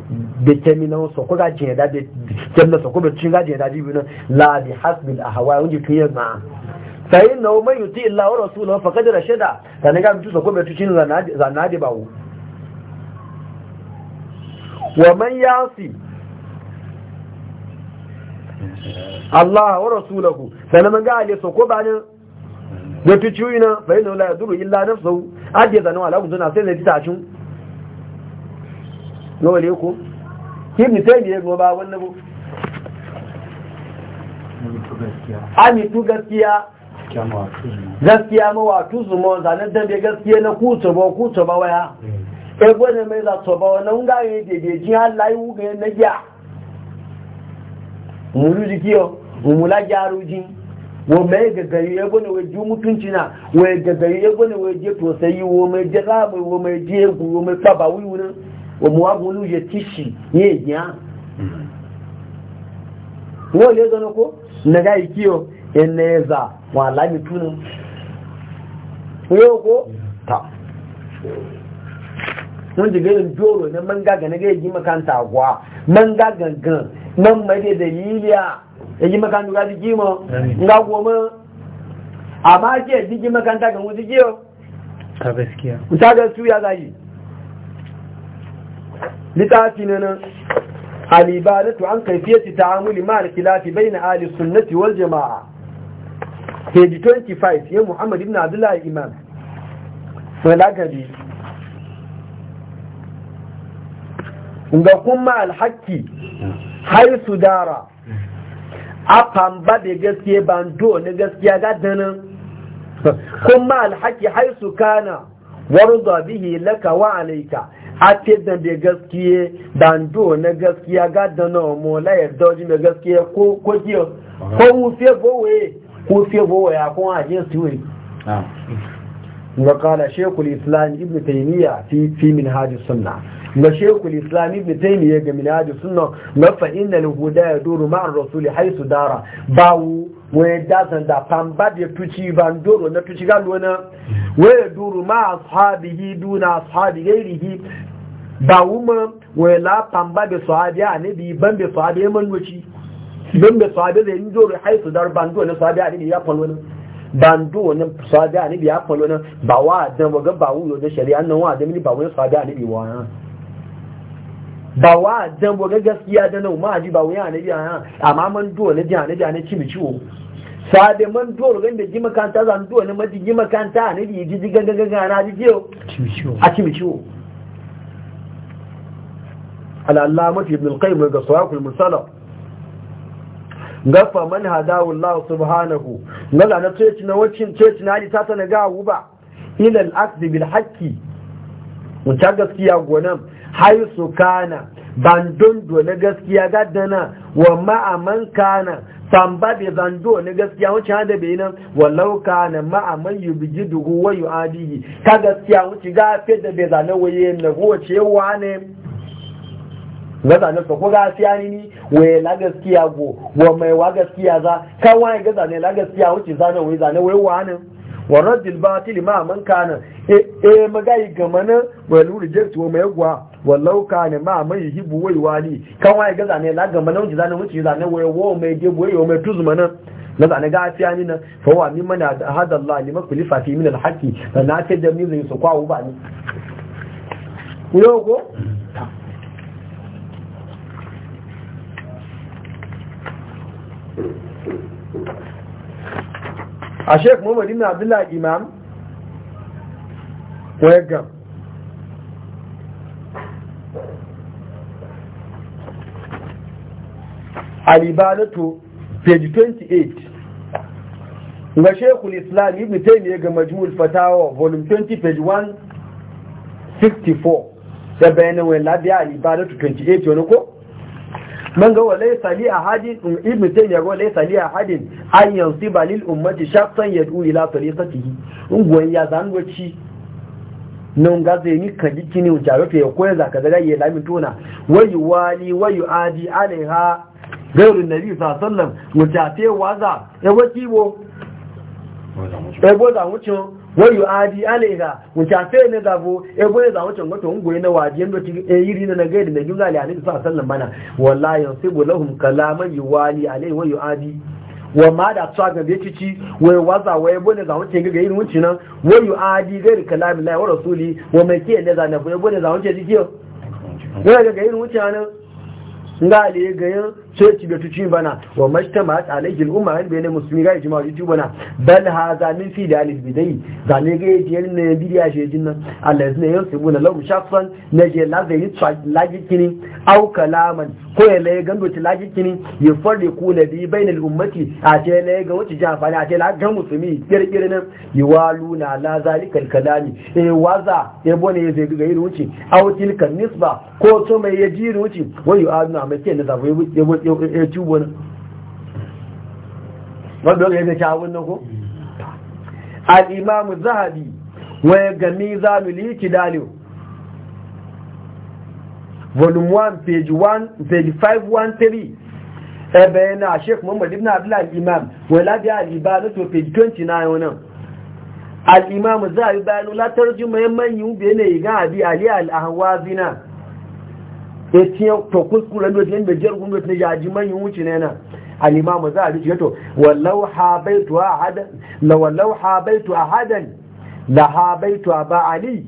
A: determinan so ko gaji ya dade janna so ko bacin gaji ya dade bi nan la bi hasbil ahwa wunji kiya ma sai na umar yuti illa wa rasulahu faqad rashada dan ga mutu so ko bacin zanade zanade bawo wa man yasi Allah wa rasulahu sanan man ga ale so ko banin da tuciwi na fa inna la yaduru illa nafsuhu adiya zanu ala kun zuna sai da tashin lọ́wọ́lé kó ki ní tẹ́lì ẹgbọ́ bá wọ́n náà amitu gaskiya gaskiya mawatu su mo zanen dambe gaskiya na k'u ba k'u ba waya hmm. ego ne mai za so na wannan ga yi dede jin Allah yi ga na ya mulu dikiyo mula jaruji wo mai gagari ego ne waje mutunci na waje gagari ego ne waje to sai wo mai jira mai wo mai je ku wo mai tabawi wunan omuwagun olúyẹ tíṣì ní èdìá wọ́n lè zọ́nà kó nàgá ìkí o ẹnẹ ẹ̀zà wọn àlámi túnú yóò kó ta wọ́n jẹ́ gẹ́rin dóòrò ní mangagan nígbà èyí makanta man mangagan gan man mẹ́lẹ̀ da yíliya èyí e makanta ga jiki mọ́ nga ma. a ma jẹ́ jiki makanta gan wọ́n jiki o ta gaskiya ta ya ga yi littafi na nan alibadatu an kaifiyati ta'amuli ma al-khilafi bayna ahli sunnati wal jama'a page 25 ya Muhammad ibn Abdullah al-Imam walagabi ga kuma al-haqqi haisu dara afan ba da gaskiya ban do na gaskiya ga danan kuma al-haqqi haisu kana warda bihi laka wa alayka ate dan bai gaskiye dan do na gaskiya ga da na la ya doji na gaskiya ko ko jiyo ko mu fe bowe ko fe bowe ya ah. ko aje suwe wa qala shaykhul islam ibn taimiyya fi fi minhaj sunnah ga shekul islam ibn taymiya ga minhaj sunna na fa innal huda yaduru ma ar-rasul haythu dara bawu wani da san da pamba da tuci ban doro na tuci ga lona hmm. wani yaduru ma ashabihi duna ashabi gairihi ba wuma wai lafan ba da sahabi a nabi ban da sahabi ya manwaci ban da sahabi zai yi jori haisu dar bando na sahabi a nabi ya falo nan bando na sahabi a nabi ya falo nan ba wa dan waga ba wuyo da shari'a nan wa dan ba wani sahabi a nabi wa nan ba wa dan waga gaskiya da nan ma ji ba wuya nabi a amma man do na ji a nabi a ne cibi ciwo man do ga da ji makanta zan do ne ma ji makanta a nabi ji ji ga ga na ji ciwo a cibi ciwo al'allama fi ibn al-qayyim ga sawakul mursala gafa man hadawu Allah subhanahu nala na ceci na wacin ceci na ta ta ga uba ila al-aqd bil haqqi gaskiya gonan haisu kana bandon do na gaskiya gaddana wa ma'aman kana tamba bai zando na gaskiya wuce hada bai nan wallau kana na ma'aman yubjidu wa yi Ta ka gaskiya wuce gafe da bai zana waye na ce wa ne gaza na ko ga siya ni ni we la gaskiya go wa mai wa gaskiya za ka wani gaza ne la gaskiya wuce zana wai zana wai wani wa raddil batil ma man kana e e gama gamana wa lulu jirtu wa mai gwa wallau ne ma mai hibu wai ni ka wani gaza ne la gamana wuce zana wuce zana wai wo mai ge wai wo mai tuzmana na zane gafiya ni nan fa wa mana hada Allah liman kulifa fi min al-haqi na ta da min zai su kwawo uba ni a sheik muhammadu na abdullahi imam wegan alibanato page 28 ga shekul islam ibn taymiya ga majmul fatawa volume 20 page 164 da bayanin wani labiya alibanato 28 wani ko? من قال ليس لي a ابن ibn taymiya ga لي sali a hadin an شخصا يدعو ummati طريقته yad'u ila tariqatihi ungwan ya zangoci nan ga zai ni kan jiki wuce ya koyar zaka zaga ya lami wayu wali wayu adi alaiha nabi wuce waza wayo adi alega wuce afe ne zafo ebo ne zawon cango goto ngoye na waje ndo ti e yiri na ga da najin gali sa sallan mana wallahi yusibu lahum kalaman yuwali alai wayo adi wa ma da tsawa ga bitici wai waza wai bone zawon ce ga irin wuce nan wayo adi ga kalamin lahi wa rasuli wa mai ke ne na ebo ne zawon ce jikiyo wai ga irin wuce nan ngali ga yin sai ci da tuci bana wa majtama alaihi al-umma hal bayan muslimi ga ijma yuti bana bal hadha min fi dalil bidai zane ga yiyar ne bidiya she jinna buna yansibuna shafan shakhsan naje la zai lajikini aw kalaman ko ya laye gando ci lajikini ya fari ku na bi bainal ummati a ce laye ga wuce jafani a ce la ga musulmi kirkire nan luna la zalikal kalami e waza e bone ya zai ga irin wuce aw tilkan nisba ko to mai yaji wuce wayu aduna mai ke na zafi ya ci wani wadda ya ga shawun na ko al'imamu zahabi waya ga mizanul ikidaliyo volume 1 page 1 page 513 ebe yana sheik muhammad ibn abdullahi imam wala biya al'ibana to page 29 wannan al'imamu zahabi bayan latar jumayen manyan biya ne ga abi ali al'ahwazina ya tiye to kuskuren da tiyan da jiyar gwamnati na yaji manyan wuce ne na alimamu za a rike to wallau habaitu ahadan la wallau habaitu ahadan la habaitu ba ali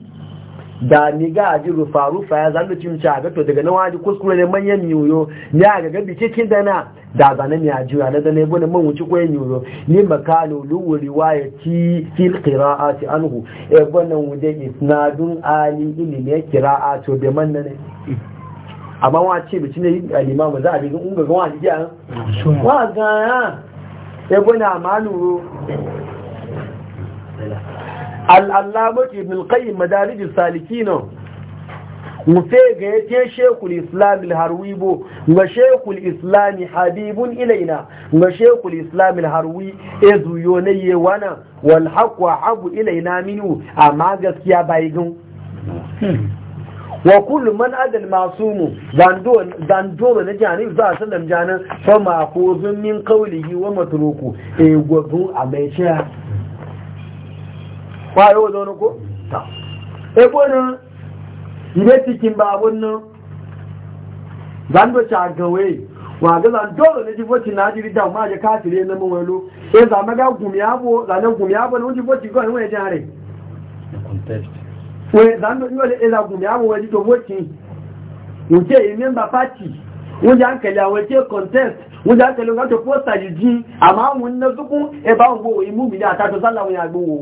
A: da ni ga a ji rufa rufa ya zanu cin a gato daga nan waji kuskure ne manyan niyo Ni a gaga bi cikin da na da zane ne a jiya na da ne bane man wuce koyan niyo ni makalu luwu riwayati fil ci anhu e bane wuje isnadun ali kira'a to bi man ne amma wa ce bici ne ba za a bi in ga wani giya wa gana ya gwana maluro al'allamaki ibn al-qayyim madarijin salikino mufe ga yake shekul islam al-harwibo ga shekul islam habibun ilaina ga shekul islam al-harwi ezu yonaye wana wal haqqa abu ilaina minu amma gaskiya bai wa kullu man adal masumu zando zando na jani za a sallam janan fa ma ko zun min qawlihi wa matruku e gwabu a mai shiya ba yau zo ko ta e gwanin ne cikin babun nan zando ta gawe wa ga zando na ji jiboti na jiri da ma je kafire na mun walo e za ga gumiya bo zanan gumiya bo na jiboti ko ne wani jare context wọ́n ìdánilò ní ọ̀lẹ́ ìlàgùn ní àwọn ẹni tó wọ́tí wọ́n tí èyí mẹ́mbà pàtì wọ́n jẹ́ àkẹlẹ̀ àwọn tí contest wọ́n jẹ́ àkẹlẹ̀ ọ̀gá tó pọ́sà yìí jí àmá àwọn iná tókún ẹbá ògbò ìmú mi ní àtàtọ̀ sálàwọn àgbòwò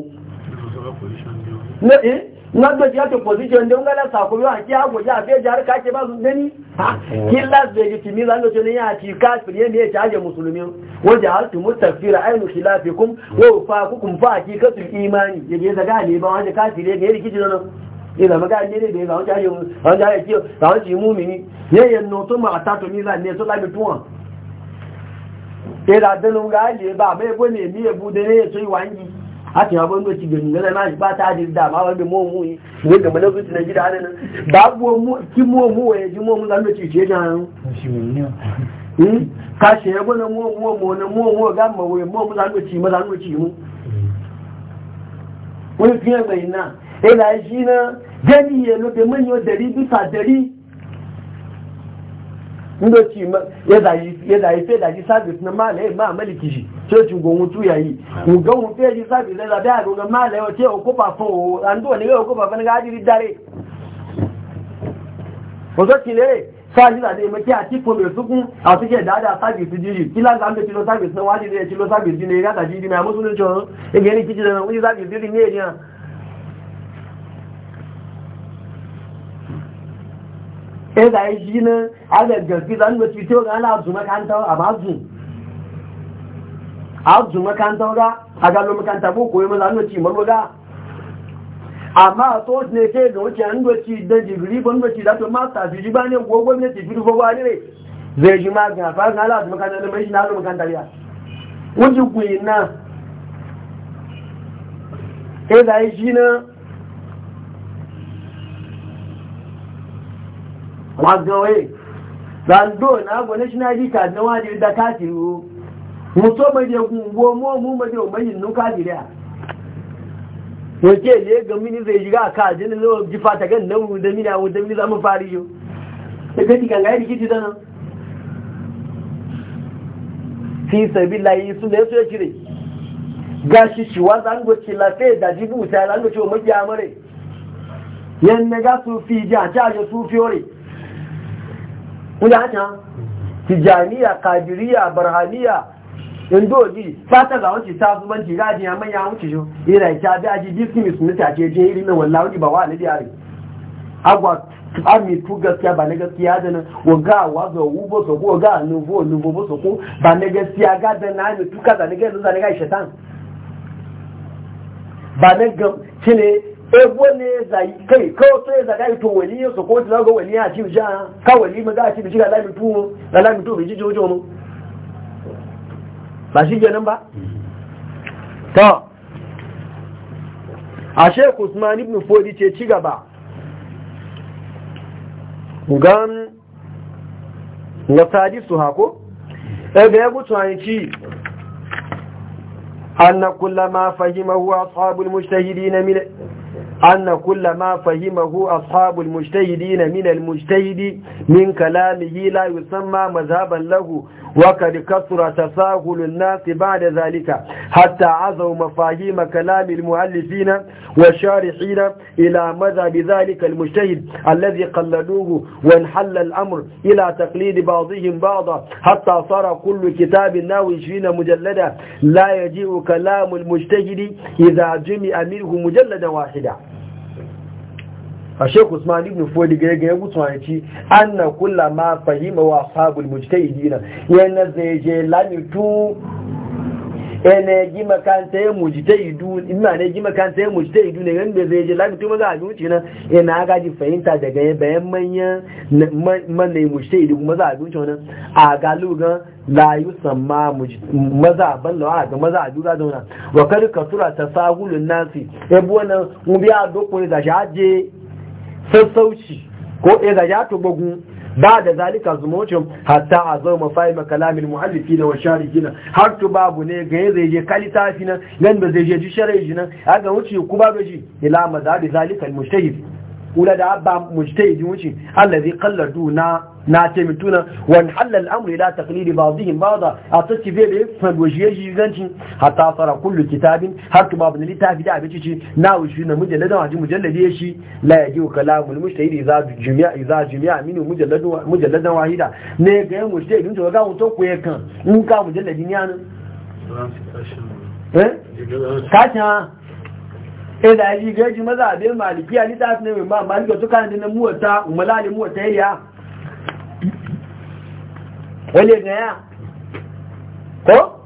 A: da ya ta position don a sako yau haki hago ya fe jihar kake ba su gani ha killas da yitimi zan ga tunan ya ci kafir ne ya caje musulmi wa jahaltu mutafira aynu khilafikum wa ufaqukum fa hakikatul imani yaje daga ne ba wanda kafire ne rikici nan ina maga ne ne da wanda ya wanda ya ci wanda ci mumini ne ya no to ma ta to ni zan ne to la bituwa ira dinu ga ne ba bai bone mi ebu da ne ya ci wangi haka ya bando ci bin na ba ta da ma wanda mu mu ne ga mana zuci na gida hanan ba buwa mu ki mu mu waye ji mu mu zan da ci ce jan hmm? ka she ya bana mu mu mu na mu mu ga ma waye mu mu zan da ci ma zan da ci mu wani fiye mai na ila e shi na gani ya lobe manyo dari bisa dari ndoci ya zayi da daji sabis na mala ya ma maliki shi coci gonwu tuya yi ga mu fe ji sabis na zabe a e gonga mala ya wace okupa fo an ne ne ga okupa fana ga adiri dare wato kile sáàjì àti ìmẹ́kí àti ìfòmì ìsúnkún àti kí ẹ̀dá àdá sáàbìsì jíjì kí láti àmì tí lọ sáàbìsì náà na rẹ̀ tí lọ sáàbìsì ní eré àtàjì ìdí mẹ́ àmúsùn ní ṣọ́rọ̀ ẹgbẹ̀rin kìí jẹ́ náà wọ́n ti sáàbìsì rí ní èdè náà sai da ya shi nan aga gafi zan ga cuto ga ana azu makanta a mazu azu makanta ga a gano makanta ko koyi maza nuna cimar ga amma a so ne ke ga wuce an doci da digiri ban doci da to masta su ji bane ko gwamnati fi ko gwani ne zai ji ma ga fa ga ala azu makanta da mai na azu makanta ya wuce kuyi na sai da ya shi nan wazoe zando na abu national jika na wani da yadda kafiru mutu mai da gungo momu mai da umarin nuka jiriya wake ne ga mini zai shiga a kajin lewa jifa ta gan nan da mini awon da mini zama fari yau ta ka kan gaya rikici da nan fi sabi layi su ne su ya cire gashi shi wa zangoci lafiya da jibu ta zangoci wa makiya mare yan na ga sufi ji a cajo sufi ore wuyanya tijaniya kadiriya barhaniya indoji fata ga wuce ta zubanci rajin ya manya wuce ta bi aji ta je irin wallahi wani ba wa ne agwa ami gaskiya ba na gaskiya da nan wa ga wa ga so ko ga nu nu so ko ba gaskiya ga da ne ga ga shaitan ba ga ebo ne zai kai kawo to ya zaga to wali ya so ko ta zaga wali ya ci ja ka wali ma za ci bi shiga lami tu da lami tu bi ji jojo mu ba shi ke nan ba to a sheikh usman ibn fodi ce ci gaba gan na sadi su hako ebe ya gutu an ci أن كل ما فهمه أصحاب المجتهدين من أن كل ما فهمه أصحاب المجتهدين من المجتهد من كلامه لا يسمى مذهبا له وقد كثر تساهل الناس بعد ذلك حتى عزوا مفاهيم كلام المؤلفين والشارحين إلى مذهب ذلك المجتهد الذي قلدوه وانحل الأمر إلى تقليد بعضهم بعضا حتى صار كل كتاب ناوي 20 مجلدا لا يجيء كلام المجتهد إذا جمع منه مجلدا واحدا a sheku usman ibn fodi ga ya gutsu an ci anna ma fahima wa sabul mujtahidina yana zai je lamitu ene ji makanta ya mujita ina ne ji makanta ya mujita idu ne yanda zai je lafi maza za a zuci na ina ga ji fahimta daga ya bayan manyan manne mujita idu kuma za a zuci wani a ga lugan layu samma maza ban lawa ga maza a dura zauna wa kar kasura ta sahulun nasi ya buwa nan mu biya dokon da shi aje sassauci ko iza ya tubugu ba da zalika zumucin hatta a zo mafai makalamin muhallifi na washari gina har tu babu ne ga zai je kalita fi nan nan da zai je ji sharai ji nan aga wuce ku ba gaji ila mazabi zalika almujtahid kula da abba mujtahid na allazi qalladuna na ce mituna wan halal amri la taqlidi ba'dihim ba'da a tace bebe fan wajiye jiganci hatta fara kullu kitabin har kuma bin litafi da abici ci na wushi na mujallada waji mujalladi shi la yaji kalamul mujtahid idza jami'a idza jami'a min mujalladu mujalladan wahida ne ga yan mujtahid to ga mutum ko yakan in ka mujalladi ne anan eh kacha ila eh, yi gaji maza abin malikiya litafi ne mai malika to kan da muwata umalali mu muwata ya wale gaya ko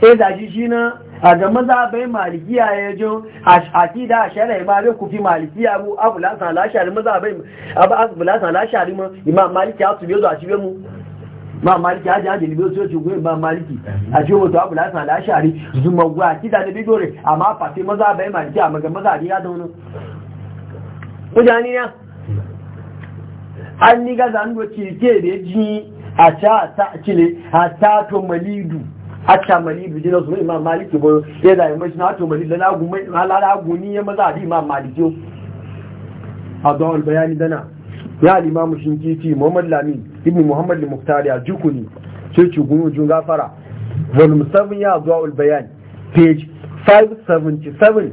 A: sai da shi shi na a ga maza bai malikiya ya jo ashaki da shari'a ma zai kufi malikiya bu abu lasan lashari maza bai abu abu lasan lashari ma imam maliki ya su biyo zuwa shi mu ma maliki ya jaje ni biyo su ce goyi ma maliki a ce wato abu lasan lashari zuma gwa kida da bidore amma fati maza bai malikiya maga maza da ya dauna kujani ya an ni ga zan go ci ke da ji a ta ta kile a ta to malidu a ta malidu jina su imam maliki boyo ya da yi mashi na to malidu da gumi halala guni ya maza abi imam maliki a zuwa albayani dana ya alimamu kiti muhammad lamin ibn muhammad al a jukuni sai ci gunu jun gafara volume 7 ya zuwa albayani page 577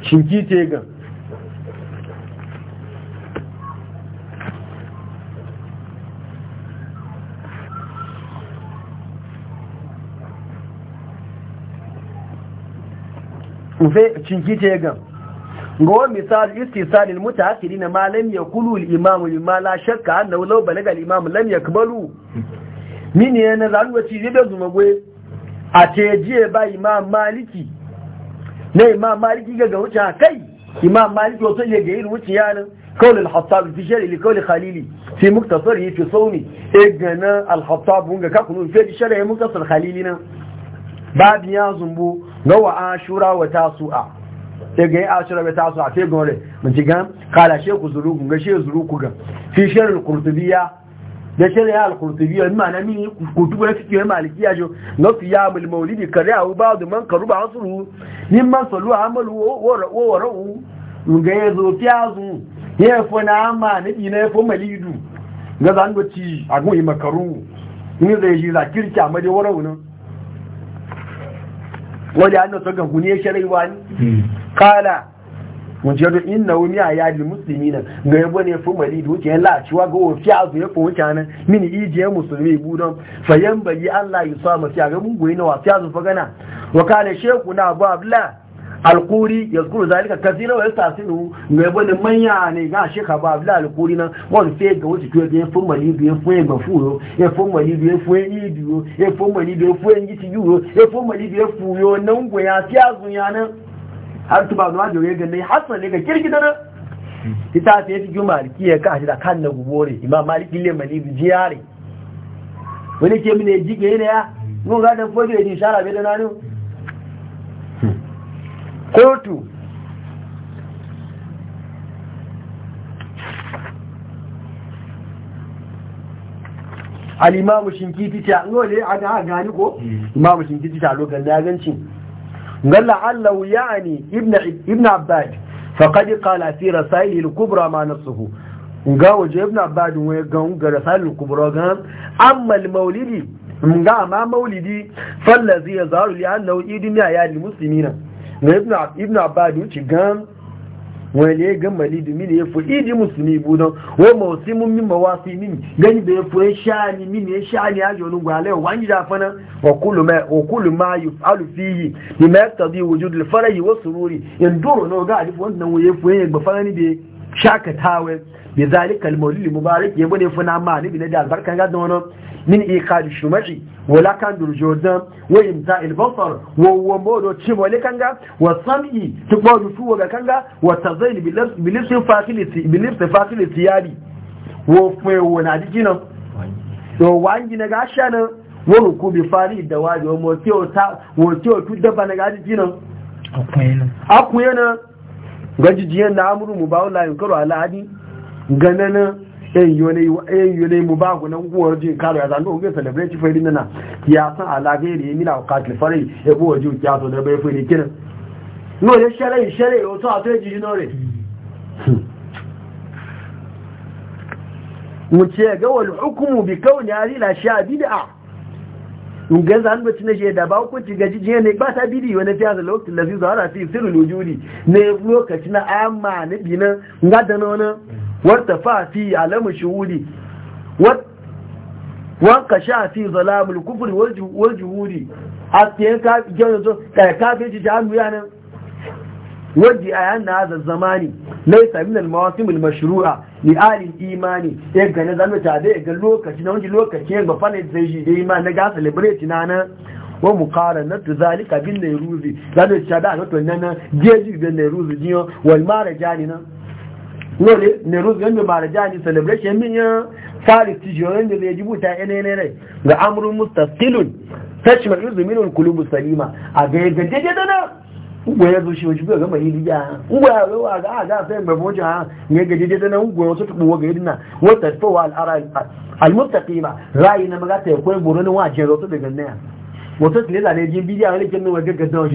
A: shinkiti gan ufe cinki ce gan ga wani misal istisalin mutahakiri na ma lam ya kulu imamu lima la shakka an nau lau balaga imamu lam ya kabalu mini yana zanuwa ci zai zuma gwe a ce jiye ba imam maliki na imam maliki ga wuce kai imam maliki wato ya ga irin wuce yana? kawai al-hattab fi shari'i li kawai khalili fi muktasar yi fi sauni e gana al-hattab ga kakunu fi shari'i muktasar khalili nan babu ya zumbu gawa ashura wa tasu'a sai ga ashura wa a sai gore mun ci gan kala she ku zuru kun ga she zuru ku ga fi sharil qurtubiyya da shari'a al-qurtubiyya ma na mini kutubu na fiqh malikiyya jo na fi ya mul bi kare a abu ba'd man karuba asru mimman sallu amalu wa wa ra'u mun ga yazo fiyazu ya fo na amma na bi na fo malidu ga zango ci a goyi makaru ni zai ji zakirki amma dai warau nan wani an so ga gune sharai wani hmm. kala wajen da inna wani a yadda musulmi na, ga yabo ne fi mali da wuce lacewa ga wafi a zuwa fi wuce nan mini ijiyar musulmi budon fayan bayi allah yi sa mafi a ga yi na wasu a zuwa gana wa kala sheku na abu abla alkuri ya zukuru zalika kasira wa yasta sinu ne bane manya ne ga sheka ba abla alkuri na won fe ga wuce to ga fun mali bi fun ga furo ya e fun mali bi fun yi duro ya fun mali bi fun yi ti duro ya e fun mali bi fuyo nan go ya fi azun ya nan har tuba na jore ga ne hasan ne ga kirkidana ita ta yi juma ya ka shi da kan na gubore imam maliki le mali bi jiyare wani ke mine jige ne ya mun ga da fodi da shara bai da nanu kotu alimamu shinkiti ta nole a ga gani ko mm. imamu shinkiti ta lokacin dagancin galla allahu ya'ani ibn abbad faqad qala fi rasail al-kubra ma nafsuhu ga waje ibn abbad wai ga ga rasail al-kubra ga amma al-maulidi ga ma maulidi fallazi yazaru li annahu idin ya ya lil muslimina na ibn abbad wuce gan wani ya gan mali da mini ya fi idi musulmi budan wai mawasi mun min mawasi mini gani da ya fi ya shani mini ya shani ya jonin gwalai wa yi dafa nan wa kullu ma yi alu fiyi ni ma yadda zai wujud da farayi wasu ruri in doro na ga alifu wannan wai ya fi ya gba farani da shakatawa bi zalika al-mawlid mubarak ya bane funa ma ni bi na da albarkan gadon wannan min iqad shumai wala kan durjodan wa imza albasar wa wa modo chibo le kanga wa sam'i tukwa wa kanga wa tazail bilifsi facility bilifsi facility yari wa fe wona dikinan to wangi na gasha nan wa rukubi fari da waje wa motiyo ta tu daba na gaji dikinan akuyena akuyena gajijiyan na amuru mu ba wala a aladi ganana yan yone mu ba gunan guwar jin karo ya zanen oge celebrate fari nana ya san alagai da a katil fari ya e buwa jin kyato da bai fari kiran no ya shere shere a to ejiji nore mu hmm. ce ga wal hukumu bi kauni ali la sha bid'a ga zan ne da ba hukunci ga jijiye ne ba ta bidi wani fiya da lokacin da fi sirrul wujudi ne lokacin na amma na da وارتفع في علم الشهود وانقشع في ظلام الكفر والجهود أتين كافي جعل ويانا ودي ايان هذا الزمان ليس من المواسم المشروعة لآل الإيمان يقال نظام تعبئ يقال لوكتين ونجي لوكش يقال بفن زيجي ايمان نقع سليبريتين نانا wa ذلك بالنيروزي bin nayruzi zalika shada a wato nan jeji bin nayruzi lole ne rus gan da maraja ni celebration min ya fari tijoren da zai buta ene ne ga amrun mustaqilun tashmal yuzminul qulub salima a ga ga dede dana ugbo ya zo shi wajen ga yi ugbo ya zo a ga a ga sai mai ha ne ga dede dana ugbo wasu tubu ga yidina wata al arai al mustaqima rai na maga ta koi boro ne wajen rotu daga ne wato tilala ne jin bidiya wani kin ne wajen gaddawa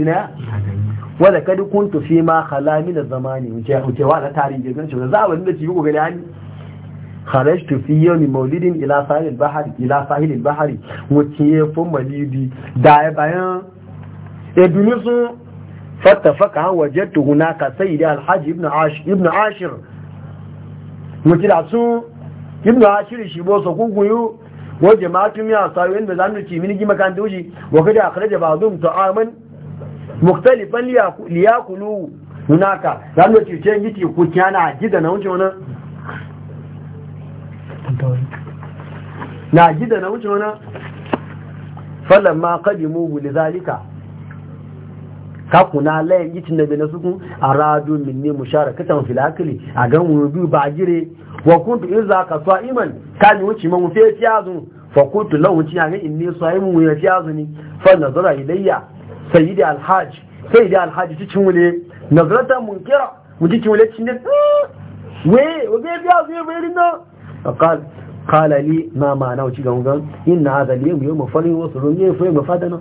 A: wadda kadi kuntu fi ma halami na zamani wuce wa na tarihi jirgin shi za a wani da ci yi kokari hali. kharajtu fi yawmi maulidin ila sahil al-bahri ila sahil al-bahri wuce fun malidi da bayan edunu sun fattafa han wajadtu hunaka sayyid al-hajj ibn ashir ibn ashir wuce da su ibn ashir shi bo so kuguyu wa jama'atu mi asawi inda zamu ci min gi makanta wuce wa kada akhraja ba'dhum ta'aman muktalifan liyakulu hunaka za mu cuce giti ku kyana gida na wuce wani na gida na wuce wani falon ma kadi mugu da zalika kakuna layan gitin da bi na sukun a radu min ne mushara katon filakili a gan wuri ba a gire wa kuntu in za ka sa iman Ka ne wuce man wufe fiyazu fa kuntu lan wuce a ga in ne sa iman wuce fiyazu ne fa zara ilayya sayyidi alhaji sayyidi ji cin wule nazarata munkira mu cikin wule cikin we we biya we we rinna qal qala li ma ma'ana wuci gangan. ngan inna hadha li yawm yawm fali wa surun ne fa mafadana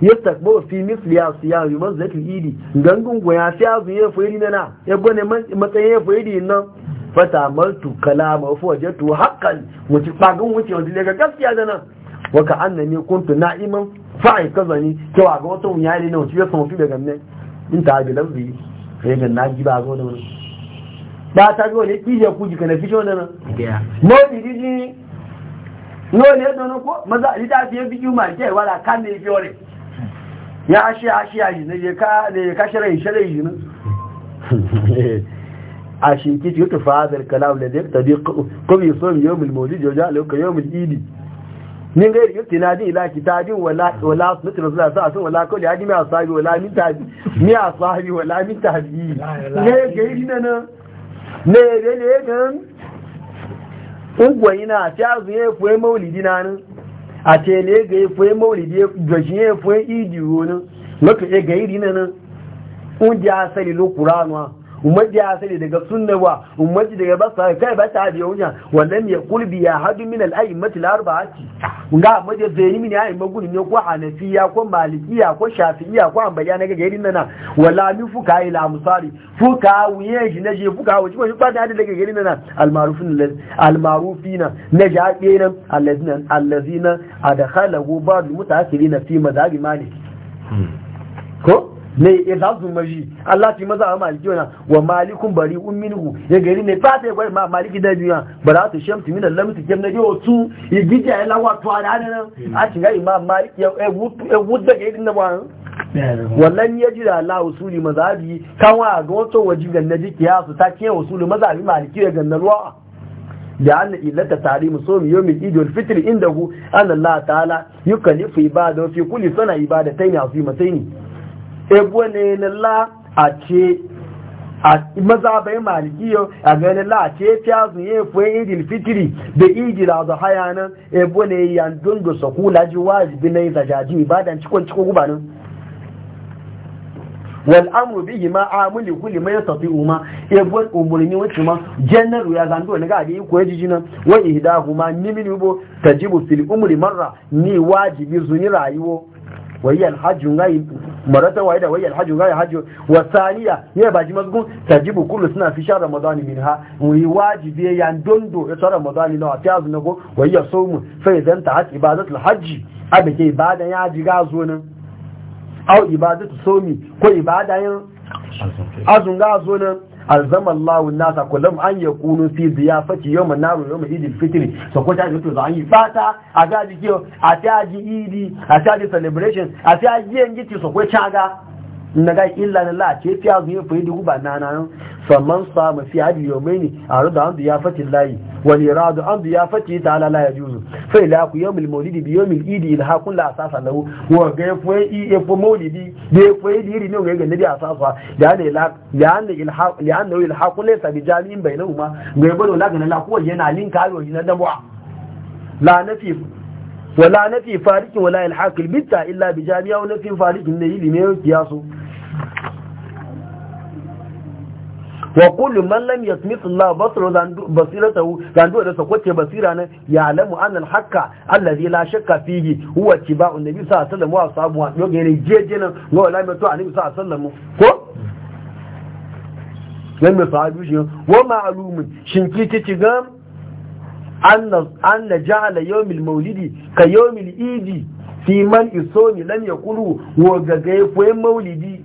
A: yastakbo fi misli ya siya yi zati idi gangun ya siya su yi fayiri na na ya gone matsayin ya fayiri nan fata maltu kalama fa wajatu haqqan wuci bagun wuce wanda daga gaskiya da nan wa ka annani kuntu na'iman fa'in kazani cewa ga wata wunya ne na wuce ya san fi daga nan in ta bi lafi sai ba ga wani ba ta bi wani kije ku jika na fito nan no bi diji no ne ko maza ni ta fiye biyu ma ke wala kan ne fi wani ya shi ya shi ya ne ka ne ka shirin shirin ne a shi kici yutu fa'adar kalam da zai tabi kuma yi son yau mulmuli jojo a lokacin yau mulidi min gairi yuti na ji ila kitabin wala wala sunnati rasulullah sallallahu alaihi wala kulli wala min tabi wala min tabi ne gairi nana ne ne ne gan na ta zuye fuwe maulidi na nan a ce ne ga yi fuwe maulidi ya shi ya fuwe idiyo nan maka ya nana un asali ummati ya sani daga sunna wa ummati daga basa kai ba ta biyo wuya wannan ya kulbi ya hadu min al-a'immati al-arba'ati ga umaji zai yi mini a'imma gudun ne ko hanafiya ko malikiya ko shafi'iya ko ambaliya na gagarin nan wala mi fuka ila musari fuka wuye shi na je fuka wuce ko shi ba da daga gagarin nan al-ma'rufin al-ma'rufina na jabe nan allazina allazina adkhalahu ba'd mutaakhirin fi madhhabi malik hmm. ko ne ya za su mashi Allah ci maza a maliki wani wa malikun bari un minhu ya gari ne ba ta yi ma maliki da biya ba za su shamsu min Allah mutu kem na yau su ya gidi yi lawa tuwa da hannun a cin gari ma maliki ya wudda ga idin da ba wallan ya ji da Allah usuli mazhabi kan wa ga wato waji ga na jiki ya su ta ke usuli mazhabi maliki ya ganna ruwa da an illata tarihi somi yomi idul fitri indahu an Allah ta'ala yukallifu ibadahu fi kulli sana ibadatayn azimatayn ebuwa ne na la a ce maza bai yau a gani la a ce fiya su idil fitiri da idil a zuwa haya nan ne yandun da sakula ji wajibi na yi zajaji ibadan cikon cikon gubanin amru bihi ma amuli kuli ma yastati uma ebon umurni wuce ma general ya zando ne ga da iko ya jijina wa ihdahu ma nimini bo tajibu fil umri marra ni wajibi zuni rayuwa wayyan hajju ngai marata wai da wayyan hajju ngai hajju wa thaniya ya baji mazgun tajibu kullu suna fi shahr ramadan minha wi wajibi ya dondo ya shahr ramadan na a tiyazu nako wayya sawmu fa idan ta hajji ibadatu hajji abi ke ibada ya ji ga zo nan au ibadatu sawmi ko ibada yin azunga zo alzama Allah nasa kullum an ya kunu fi ziyafati ma naru ma idi fitri so ko ta to zan yi fata a ga dike a ta ji idi a ta ji celebration a ta ji gici so ko ta na ga illa na la ce fiya zuwa fa yidi guba na nana? famman sa ma fi hadi yawmaini arda an biya fati layi wani iradu an biya fati ta'ala la yajuzu fa ila ku yawmil mawlidi bi yawmil idi il hakun la asasa lahu wa ga fa i e fa mawlidi be fa idi ri ne ga nabi asasa da ne la ya ne il haq ya ne il hakun laysa bi jami'in bainahuma ga ba la ga la ko yana linka yo na dabwa la nafi wala nafi farikin wala ilhaqil bitta illa bi jami'a wa nafi farikin ne ilimi ya kiyasu wa kullu man lam yasmit Allah dan basra dan zando da sakwace basira ne ya lamu an al-haqqa allazi la shakka fihi huwa tiba'u nabi sallallahu alaihi wasallam wa sabu wa yoga jeje nan ga la mai to annabi sallallahu ko nan mai sahabi shi wa ma'lum shin ki ci ci gam anna anna ja'ala yawmil maulidi ka yawmil idi fi man isomi lam yaqulu wa gagaye ko maulidi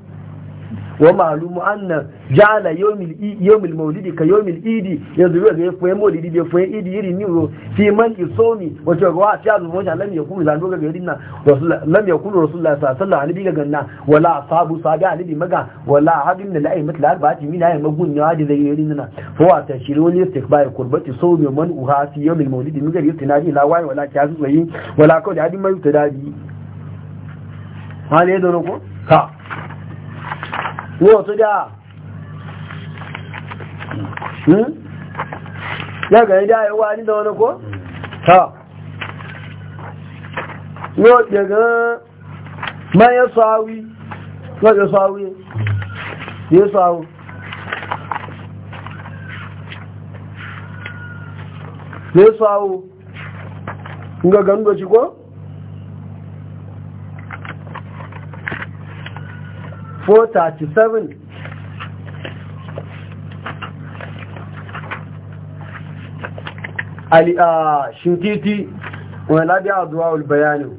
A: wa ma'lumu anna jala yawmil yawmil maulidi ka yawmil idi ya zuru ga ya fuye maulidi bai fuye idi irin ni ro fi man isomi wato ga wa fiya zuwa sha lam kuma zan ga garin na lam yakun rasulullahi sallallahu alaihi ga ganna wala sabu sabi alibi maga wala hadin da la'i mitla arba'ati min ayi magun ya da zai yi nuna fa wa tashiru li istikbar qurbati sawmi man uha fi yawmil maulidi min gari tinadi la wai wala zuwa yi wala kawai hadin mai tadadi wale da ko ha wọ́n tó dáa lẹ́gbẹ̀ẹ́ hmm? dáa ẹwà nílọ ọ̀nà kó ha yóò jẹ̀gán mẹ́yẹ Ya lọ́jọ́ Ya yóò nga yóò shi ko? 437 ali a ah, shinkiti wani labi a zuwa ulbayani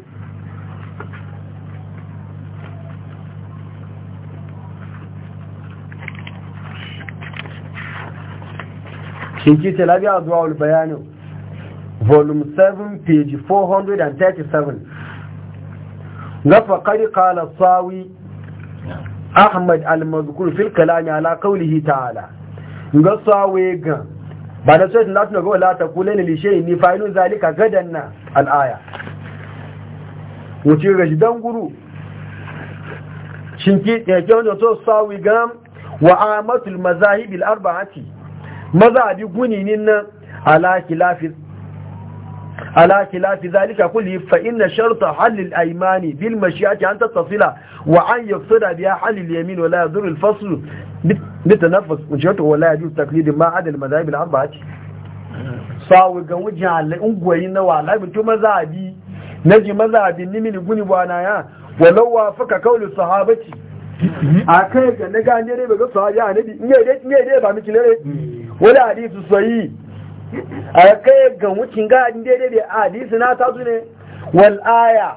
A: shinkiti labi a zuwa ulbayani volume 7 page 437 gafa قال الصاوي sawi ahmad al-mazkur fil kalami ala qawlihi ta'ala ngaswa wega ba da sai latin ga wala ta kula ne lishe ni fa'ilun zalika gadan na al-aya wuce ga dan guru shinki ya ke wanda to sawi ga wa amatul mazahib al-arba'ati mazahib guninin nan ala khilafi على خلاف ذلك كل فإن شرط sharta الأيمان بالمشيئة أن تتصل وعن يقصد بها wa اليمين ولا biha الفصل بالتنفس yamin ولا la yadur ما fasl المذاهب wajhatu صاوي la yajuz taqlid ma ada al مذاهبي al arba'ati sawu ga wajhan ungwayi na a kai ga na gane ne ba ga sahabi annabi ne ne ba miki ne hmm. wala hadisi sahih a kai ga wucin ga daidai da hadisi na ta ne wal aya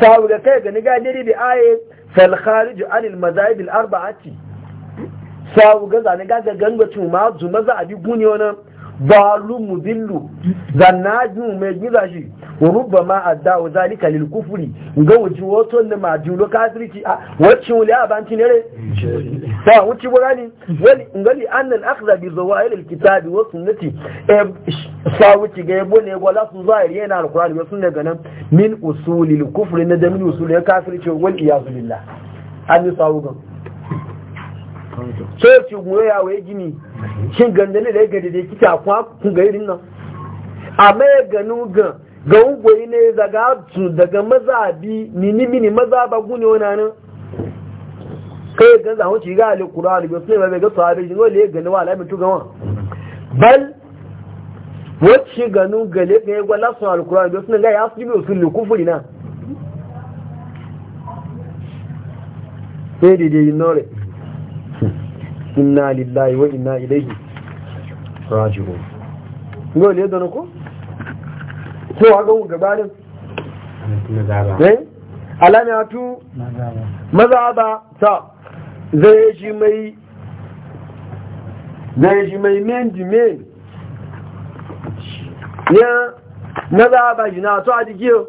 A: sau ga kai ga ni ga daidai da aya fal kharij an al mazahib al arba'ati sau ga zani ga ga gangacin ma zu maza abi guni wannan ضالو مذلو زناجو مجلاشي وربما أدعو ذلك للكفر نقو جواتو نما جولو كافرتي واتشو لها بانتي نري تا واتشو بغاني ولي أن الأخذ بظواهر الكتاب والسنة ساوتي غيبوني ولا سظاهر ينا القرآن والسنة من أصول الكفر ندمين أصول الكافرتي والإياذ بالله أني صاوغم so ce gure ya waye gini shin gandane da ya gadi da kike akwa kun ga irin nan amma ya ganu ga ga ugwai ne daga su daga mazabi mini mini mazaba gune wani nan kai ga zahon ci ga alƙur'ani ba sai ba ga sahabi ne wale gani wa alamin tu gawa bal wacce ganu gale ya gwala sun alƙur'ani ba sun ga ya su bi su kufuri na sai dai dai nore inna lillahi wa inna ilaihi raji'un ngo ne da nako ko ga mu gabanin eh alama tu mazaba ta zai ji mai zai ji mai men di men ya mazaba jina to adigiyo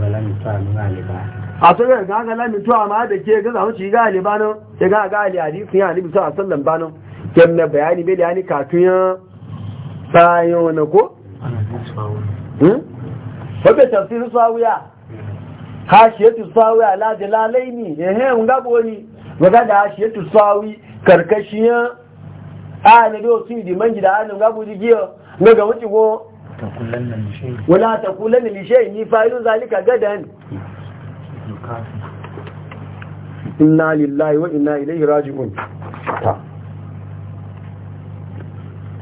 B: Wala misali
A: a da ga ga lamin tuwa ma da ke ga wuce ga ali banan ya ga ga ali hadisi ya ali bisa sallan banan kem na bayani bai yani katun ya tsayo na ko wabe hmm? tafsir sawiya hashiyatu sawiya la jalalaini ehe mun gabo boni waga da hashiyatu sawi karkashiya a ne do su di manji da anu gabo buji giyo ga wuce go wala takulanna li shay'in ni fa'ilun zalika gadan إنا لله وإنا إليه راجعون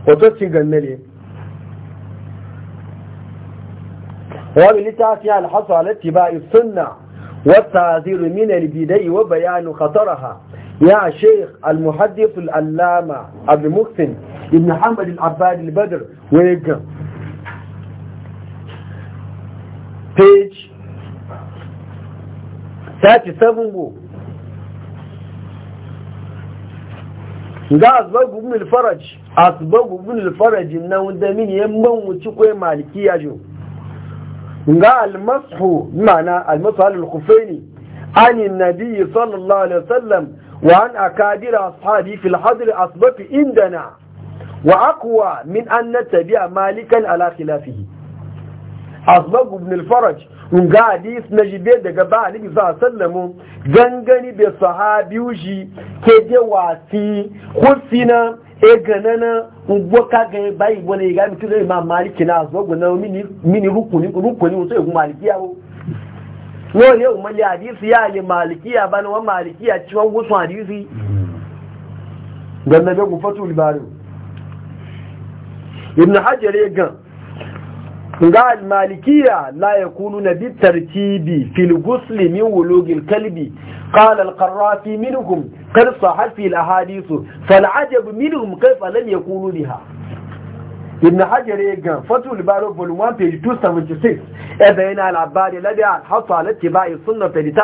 A: وتسي جنلي وابن تاسي الحصى لاتباع السنة والتعذير من البداية وبيان خطرها يا شيخ المحدث الألامة أبن مخسن ابن حمد العباد البدر ويقام page 37 go ga asbabu ibn al-faraj asbabu ibn al-faraj na wanda min yamman wuci maliki malikiya jo ga al-mashu ma'ana al-mashu al-khufaini an an-nabi sallallahu alaihi wasallam wa an akadir ashabi fi al-hadr asbatu indana wa aqwa min an natabi'a malikan ala khilafihi asbab ibn al-faraj un ga hadis na jibe daga ba annabi sallallahu gangani da sahabi shi ke je wasi khusina e ganana ugbo ka ga bai wani ga mitu da imam maliki na asbab na mini mini rukuni rukuni so e maliki ya wo wo ne umma li hadisi ya li maliki ya bana? wa maliki ya ci wan gusu hadisi ganna be gufatu al-bari ibn hajar ya gan Nga al-malikiyya la yakununa bi tartibi fil ghusl min wulugi kalbi qala al-qarrafi minhum qad sahha fi al-ahadith fal ajab minhum kayfa lam yakunu biha ibn hajar ya ga fatul baro vol 1 page 276 e bayana al-abadi ladi al-hatta suna ba'i sunna page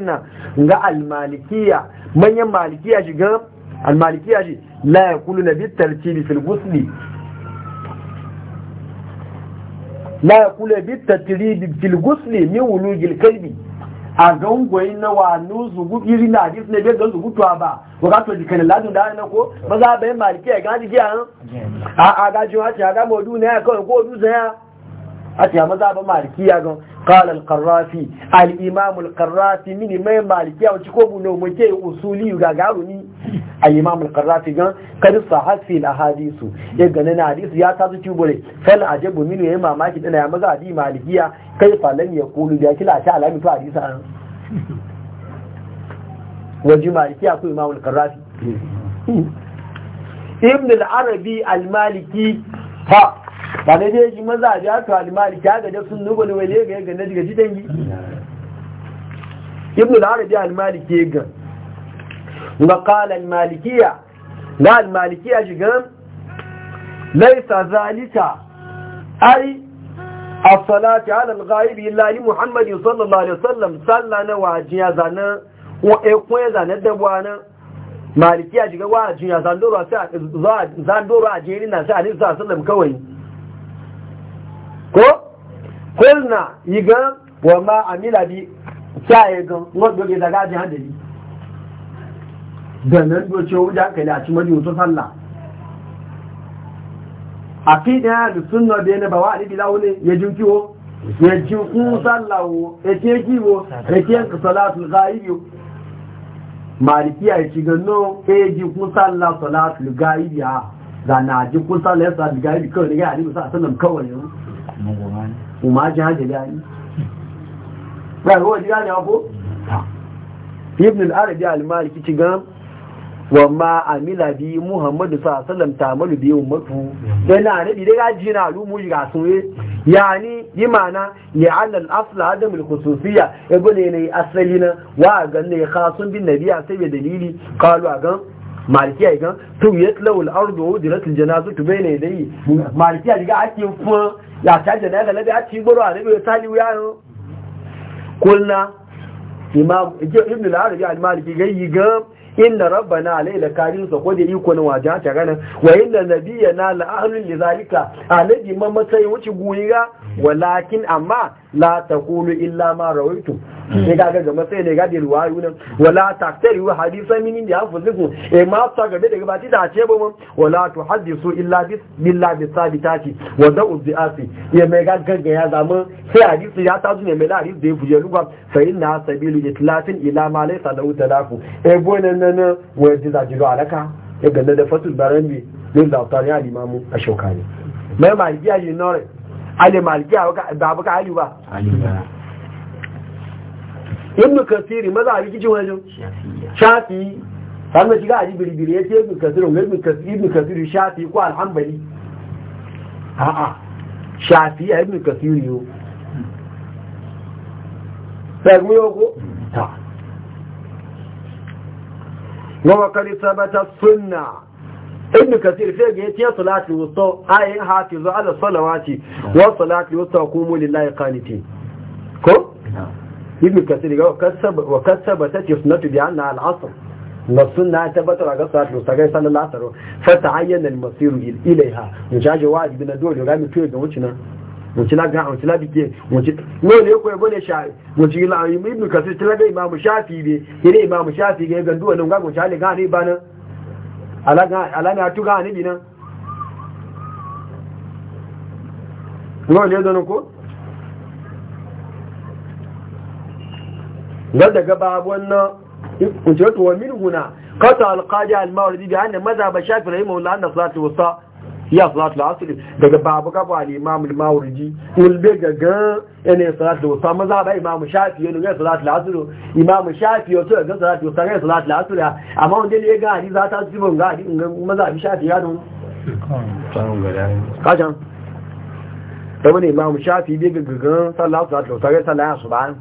A: nan. ga al-malikiyya manyan malikiya shiga al-malikiyya la yakununa bi bitar fil ghusl la yakula bi tatrib fil ghusl min wulujil kalbi a gangoyi na wa nuzu iri na hadis ne bai gan zugutuwa ba wa ka to jikan ladun da na ko maza bai maliki ga jiya a ga jiwa ta ga modu ne ka ko du zaya Aliyahu maza abin malaki a kan ƙalal ƙarafi, al'imaman ƙarafi min ne mai malaki a wacce komai naumaki a yi asuli a yi agaroni. Al'imaman ƙarafi don kalli su ta haƙƙi a hadisu. ya sa su ci mure, kallon a jabo min ya yi mamakin ɗaya. Al'amanzu a lihi malaki ya kai faɗa ne ya ƙu ya kaina ake alametu a hadisu a nan. Wani ma al'aki a kun imamawan ƙarafi? Ibn Arabi Al maliki ha. ba ne dai shi maza a jihar kalimari ta gaje sun nuba ne wale ga yaga na jiga ji dangi ibn al-arabi al-maliki ga ga qala al-malikiya ga al-malikiya shiga laisa zalika ai as-salati ala al ghaibi illa li muhammadin sallallahu alaihi wasallam sallana wajiya zana wa ekwe zana na. malikiya shiga wajiya zandoro sai zandoro a jerin nan sai alaihi wasallam kawai ko kulna yiga wa ma amila bi ta gan wadda ke daga hande bi da nan ce wuda kai a ci mali wato sallah a ɗaya da sunna da ne ba wa alibi wani ya ji kiwo ya ji kun wo? ya ke wo ya ke yanka salatul gaibiyo maliki ya ci gano ya ji kun sallah salatul gaibiya da na ji kun sallah ya salatul gaibi kawai ne ya alibi sa sallam kawai yau umar jihar da gani ɗarowar jihar da ko? ibn al'arabi al-maliki ci gan wa ma amila bi muhammadu sallam ta malu bi yau matu yana mm. nabi da gaji na alumu ga sunye mm. yani yi mana ya alal asla adam al-khususiyya ibn ne asali na wa ga ne khasun bin nabiya sai dalili qalu a gan malikiya igan to yatlau al-ardu wa udilatul janazatu bayna yadayhi malikiya ga ake fun ya ta janaza labi a ci gboro a labi ta liwu yayo kulna imam ibn al-arabi al-maliki yi ga inna rabbana alayla karim sa ko da iko na wajen ta gana wa inna nabiyana la ahlul lidhalika alabi ma matsayi wuce guyi ga walakin amma la kulu illa ma rawaitu ne ga ga zama sai ne ga da ruwayu nan wala taqtari wa hadisa min inda hafuzukum e eh, ma ta ga daga ba ti da ce ba mun wala tuhaddisu illa bis bi sabitati wa da'u bi asi ya mai ga ga ya zama sai hadisi ya ta ne mai da hadisi da fuje ruwa fa inna sabilu itlafin ila ma laysa lahu talafu e bonan nan wa ji da jiro alaka ya ganna da fatul barambi ne da tarihi al-imamu ashokani mai malikiya yi nore alimalkiya ba baka ali ba ibn kasiri maza a rikicin wajen shafi sannan shiga a ji biribiri ya ce ibn kasiri wani ibn kasiri shafi ko alhambali a'a shafi a ibn kasiri yau sai guyo ko hmm. ta wa wakar sabata sunna ibn kasir sai ga yace salati wusta ayin hafizu ala salawati wa salati wusta qumu lillahi qanitin ko ibn kasir ga kasaba wa kasaba ta sunnatu bi anna al asr na sunna tabbatar ga salati wusta ga sallallahu alaihi wasallam fa ta'ayyana al masir ilaiha mujaji wajibi na dole ga mutu ga wucina wucina ga wucina bike wucina no ne ko yabo ne shafi wucina ibn kasir tilaga imam shafi be ire imam shafi ga ganduwa nan ga wucina ga ne bana alami atuga a nibi nan wani ne zanen ko? don daga babuwan nan kusurtuwa min huna kasa alkaji almawar bibi hannun bi ba shafi rahimu la'an da su za wasa ya salatu asiri daga babu gaba al-imam al-mawridi ulbe gaga yana salatu wasa maza ba imam shafi yana ga salatu asiri imam shafi wato ga salatu wasa ga salatu asiri amma wanda ne ga hadisi za ta zubin ga hadisi maza bi shafi ya don kajan kamar imam shafi bai gaga salatu wasa ga salatu asiri ba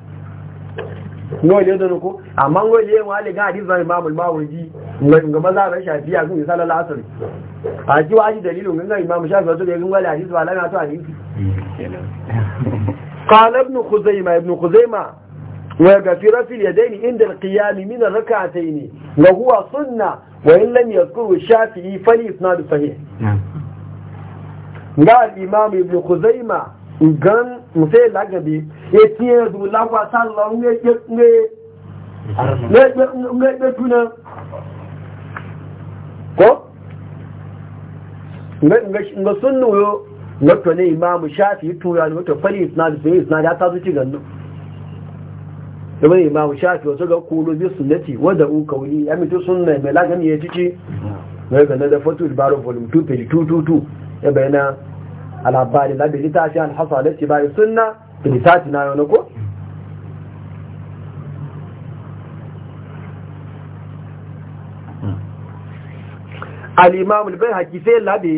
A: ngo le don ko amma ngo le wale ga hadisi imam al-mawridi lan ga maza ran shafiya sun isa lalla asiri a ji waji dalilin ganga imam shafi wato da ya gungwa hadisi ba lana to hadisi قال ابن خزيمة ابن خزيمة وقفر في اليدين عند القيام من الركعتين وهو صنة وإن لم يذكره الشافعي فلي إثناد صحيح قال إمام ابن خزيمة قال مسيح لقبي يتيرد الله صلى الله عليه وسلم ko ga sun nuyo na tone imamu shafi tura ne wata fali da sai da ta zuci gannu da mai imamu shafi wasu ga kulu bi sunnati wadda u kauli ya mito sunna mai lagani ya cici mai ganna da fatul baro volume 2 page 222 ya bayana al-abbali labirita shi al-hasalati bai sunna bilisati na yau na ko al-imam al-bayhaqi sai labe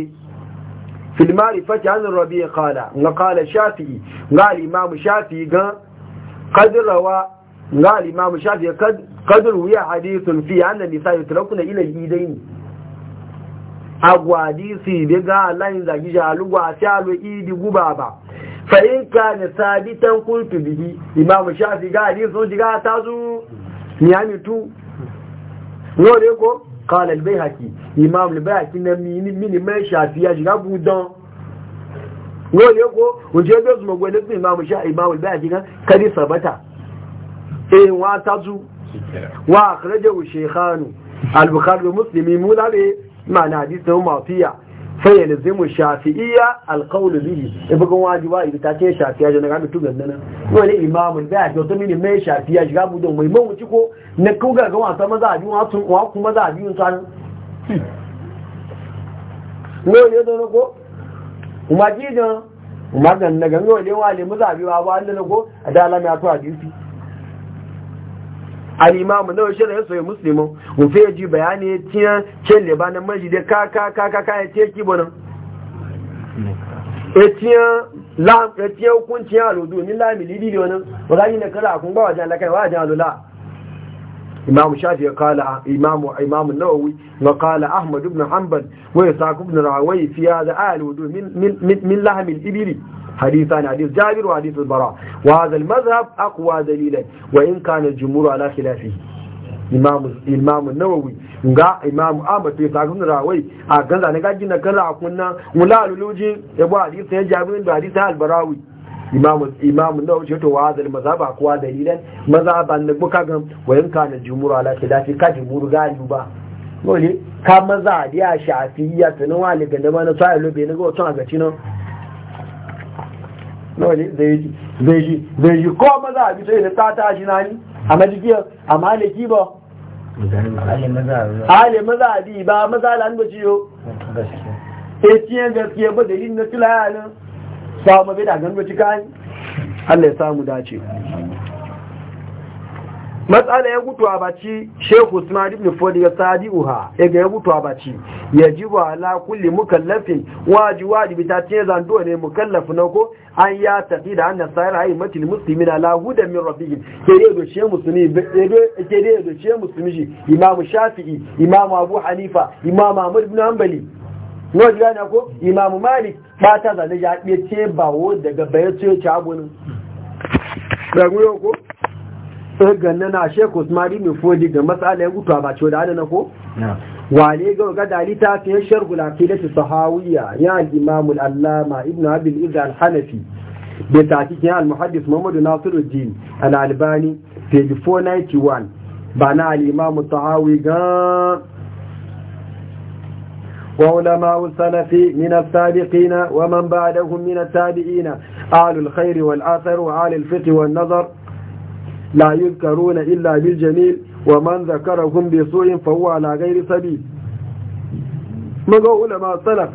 A: fil ma'rifati an rabi qala nga qala shafi'i nga al-imam shafi'i ga qad rawa nga al-imam shafi'i qad qad ruya hadithun fi anna nisa yutrakuna ila al-idayn agwadisi daga lain zagi jaluwa shalo idi gubaba fa in kana sabitan qultu bihi imam shafi'i ga hadithun jiga tazu ni amitu no ko قال البيهقي امام البيهقي na من من شافعي اجا بودان wole ko wuje be zuma gwe ne imam imam al-bayhaqi kan kadi sabata eh wa tazu wa akhrajahu shaykhanu al-bukhari mu la be ma'ana mafiya Sai zai mu shafi'iyya alkaunin bihi ya bugun wajiba ibi ta ce shafiya shi na gami tugan nan wani imamun zai ake wata mini mai shafiya shiga budon mai mawuci ko na kuga ga wasa maza a biyu wa kuma za a biyu tsanin wani ya zaune ko umarji jan umargan na ganga wani wale maza biyu a ba an da na ko a dalama ya to a biyu al'imamu na washe shirya ya soye musulmi wufe ya ji bayani ya ciye cin libanin majide kaka kaka ya ce kibonin ya ciye hukuncin aludu ni lamilidi ne wani wadani na kara kun ba wajen wa jan alula imam shafi ya kala imamu imamu nawawi wa kala ahmad ibn hanbal wa yasaq ibn rawi fi hadha al wudu min min min lahm al ibili hadithan hadith jabir wa hadith al bara wa hadha al madhhab aqwa dalilan wa in kana al jumhur ala khilafi imamu imamu nawawi ga imamu ahmad fi yasaq ibn rawi a ganda ne ga jinna kan rakunna mulal luji ya bu hadith ya jabir da hadith al barawi imamu imamu na wuce to wazal mazaba kuwa dalilan mazhaban da buka gan wayan kana jimuru ala dafi ka ga yi ba dole ka maza shafi ya tana wale ga da mana sai lobe ne go a gaci cino dole zai zai zai ko maza bi sai na tata shi nani a majiya a maliki ba ale maza bi ba maza lan ba ciyo e tiyan gaskiya ba dalilin na tilayanin sawa mabe da gano cika Allah ya samu dace matsala ya gutu a baci shehu usman ibn ford ya sadi uha ya gutu a baci ya ji ba ala kulli mukallafin waji wajibi ta ce zando ne mukallafi na ko an ya tafi da annas sayar yi matil musulmi na huda min rabbihim ke ya doce musulmi ke ya doce musulmi shi imam shafi'i imam abu hanifa imam amur ibn hanbali wajibi na ko imam malik bata zane ya ɗe ce bawo daga bayan ce ce abunin ɗaru yau ko? Eh, ganna na sheik mari mai foli ga matsala ya gutu a bace da adana ko? wane ga ga dali ta fi yin shargula fi da su sahawiya ya al'imamul allama ibn abin izza al-hanafi da takikin al-muhaddis muhammadu nasiruddin al-albani page 491 ba na al'imamu sahawi gan. وعلماء السلف من السابقين ومن بعدهم من التابعين أهل الخير والآثر وأهل الفقه والنظر لا يذكرون إلا بالجميل ومن ذكرهم بسوء فهو على غير سبيل مقو علماء السلف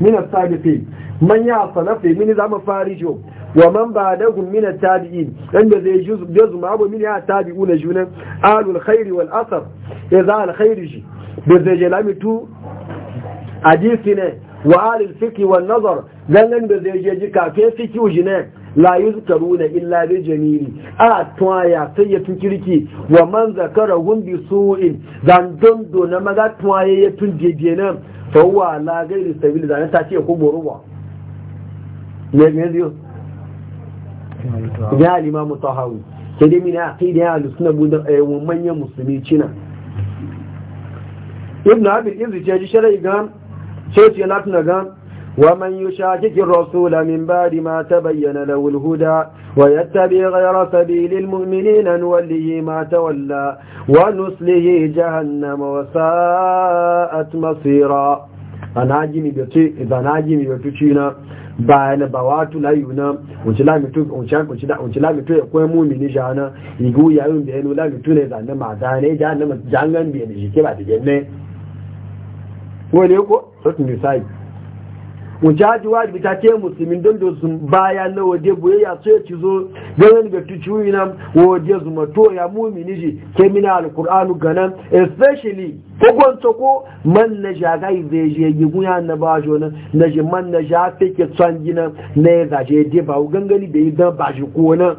A: من السابقين من يا السلف من زعم فارجه ومن بعدهم من التابعين عند ذي جزء جزء ما أبو من التابعون جونا آل الخير والأثر إذا الخير جي بذي جلامي تو hadisi ne wa alil fiqi wan nazar gangan da zai je jika ke fiki ujine la yuzkaruna illa bi jamili a tuwaya sai ya tunkirki wa man zakara hum bi su'in dan dondo na maga tuwaye ya tunjeje nan fa huwa la gairi sabil dan ta ce ko boruwa ne ne dio ya limamu tahawi sai dai mina aqida ya lusna budan ayyawan manyan musulmi cina ibn abi izri ce ji shar'i gan Coci ce latin gan ومن يشاكك الرسول ta bayyana ما تبين له الهدى ويتبع غير سبيل المؤمنين نوليه ما تولى ونسله جهنم وساءت مصيرا أنا أجمي بيتي إذا أنا أجمي بيتينا bayan ba watu la yuna unci la mitu unci unci da unci la mitu ko mu'mini jana igu yayin da yanu la mitu ne zanne ma da ne jangan biye ne ke ba da ne sautin nisa'i wace haji wajibi ta ce musulmin don da sun baya na waje ya so ya ci zo ganin ga tuciwi na waje zuma to ya mumi niji ke mina alkur'anu ganan especially ko gwanta ko man na shagai zai je yi guya na ba shi wani na shi man na sha fike son gina na ya zaje je ba gangani bai yi don ba shi ko wani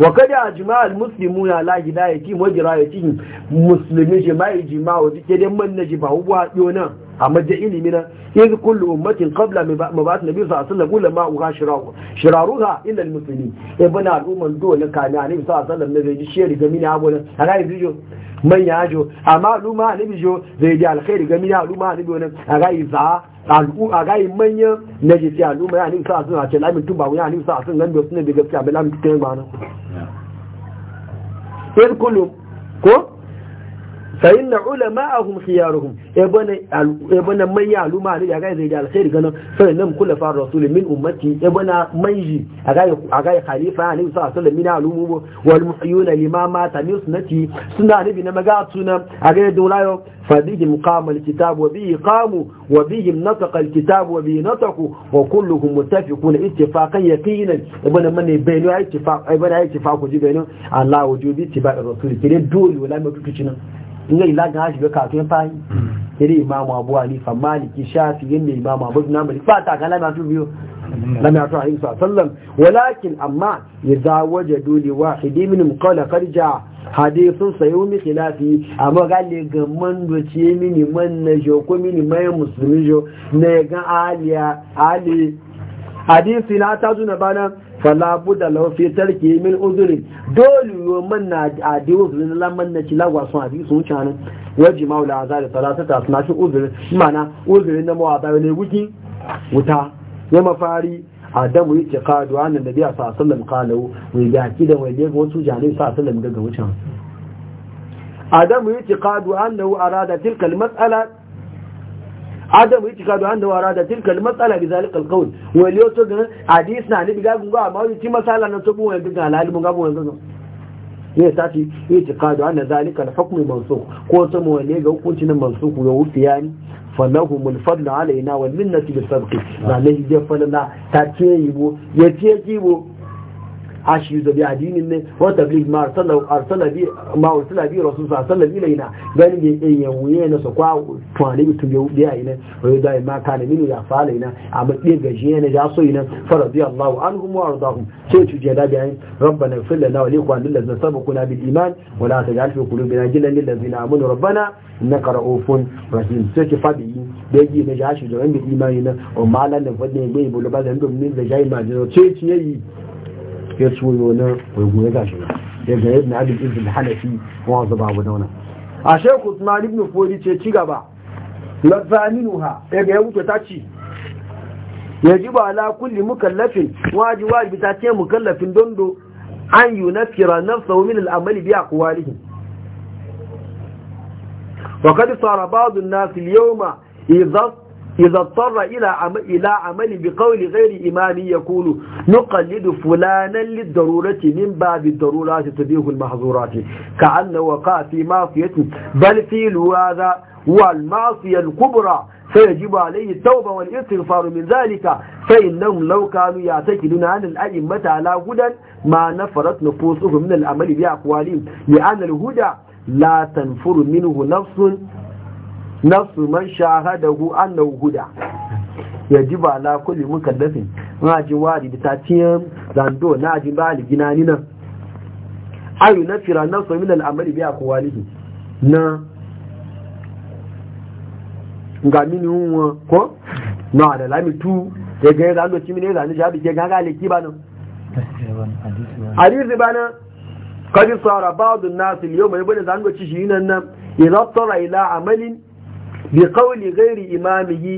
A: وقد اجماع المسلمون على هدايتهم وجرايتهم مسلمين جماعي جماعه ودي man na shi ba هو حديو nan amma da ilimi na yanzu kullu ummatin qabla mabat nabi sallallahu alaihi wasallam ulama uga shiraru shiraruha illa almuslimin e bana al'umman dole kani annabi sallallahu alaihi wasallam ne ji shiri ga mina abuna ana yi man ya jo amma al'umma jo zai ji alkhairi ga mina al'umma annabi wannan aga yi za al'u yi manya na ji sai al'umma ya annabi sallallahu alaihi wasallam lamin tuba wani annabi sallallahu alaihi wasallam gando sunan gaskiya lamin tuba ko fa'in na ulama a hun khiyaruhum ebana e manya aluma ne a gaya zai da alkhairi ganin sai nan kula fa rasul min ummati ebana manji a gaya khalifa ne sa sallam min alumu wal muhyuna limama ta min sunnati sunna na maga tuna a gaya dolayo fa bihi muqam al kitab wa bihi qamu wa bihi nataqa al kitab wa bihi nataqu wa kulluhum muttafiquna ittifaqan yaqinan ebana mane bayinu inda ila ga shiga kafin fayi kiri hmm. imamu abu hanifa maliki shafi yadda imamu abu na mali ba ta kala masu biyu lam ya tuwa hanifa hmm. sallam walakin amma ya zawaje dole wa hidimin mukawla karja sun sayo mi khilafi amma gale ga man doce mini man na jo ko mini mai musulmi jo na ya ga aliya ali hadisi na ta zuna bana fala buda lahu fi tarki min udhri dole yo man na adiwo zin la man na cila wa sun abi sun chanin waji maula azali salatata suna shi udhri mana udhri na mawa mawada ne wuki wuta ya mafari adamu yi tiqadu an annabi sallallahu alaihi wasallam qalu wai ga kidan wai ga wasu jani sallallahu alaihi daga wucin adamu yi tiqadu annahu arada tilka al-mas'ala adam yi cika an da wara da tilkal matsala bi zalika alqaul wa liyo to ga hadis na ni biga gungo amma yi masala na to gunga ga halal mun ga gunga ga ne ta ci yi cika da an zalika alhukm mansukh ko to mu ne ga hukunci na mansukh ya wufiya ni falahu alfadl alaina wal minnati bisabqi na ne je falala ta ce yibo ya ce kibo ashi da bi adinin ne wa tabligh ma arsala arsala bi ma arsala bi rasul sallallahu gani na so kwa tuwale bi tuyo bi ayi ne wa da ma kana minu ya fala ina amma de gaje ne ja so ina faradi allah anhum wa arzahu sai tu je da bi ayi rabbana ighfir lana wa li ikhwanina allazina sabaquna bil iman wa la taj'al fi qulubina ghillan lil ladzina amanu rabbana innaka ra'ufun rahim sai ki fadi da yi na ja shi da wanda imani na o malan da fadin bai bulu ba da min da jai ma da ce ciyayi ya tsoyo na waigo ya gashi ba daga yadda abin izin abu a usman ibn fodi ce ci gaba lazaminuha daga ya wuce ta ci yajibu ala kulli mukallafin waji wajibi ta ce mukallafin dondo an yunafira na min na amali bi aqwalihi wa qad sara ba'd an-nas al-yawma إذا اضطر إلى إلى عمل بقول غير إمام يقول نقلد فلانا للضرورة من باب الضرورات تبيه المحظورات كأنه وقع في معصية بل في هذا هو المعصية الكبرى فيجب عليه التوبة والاستغفار من ذلك فإنهم لو كانوا يعتقدون أن الأئمة على هدى ما نفرت نفوسهم من العمل بأقوالهم لأن الهدى لا تنفر منه نفس nafsu man shahadahu annahu huda yajibu ala kulli mukallafin ma ji wari da tatiyan zando na ji bali ginani nan ayu nafira nafsu min al'amali bi aqwalihi na ga mini won ko na da lami tu da ga zando ci mini ni jabi ke ga le ki nan. hadisi bana kadi sara ba'd an-nas al-yawma yabani zando ci shi nan nan idza tara ila amalin bi qawli gairi imamihi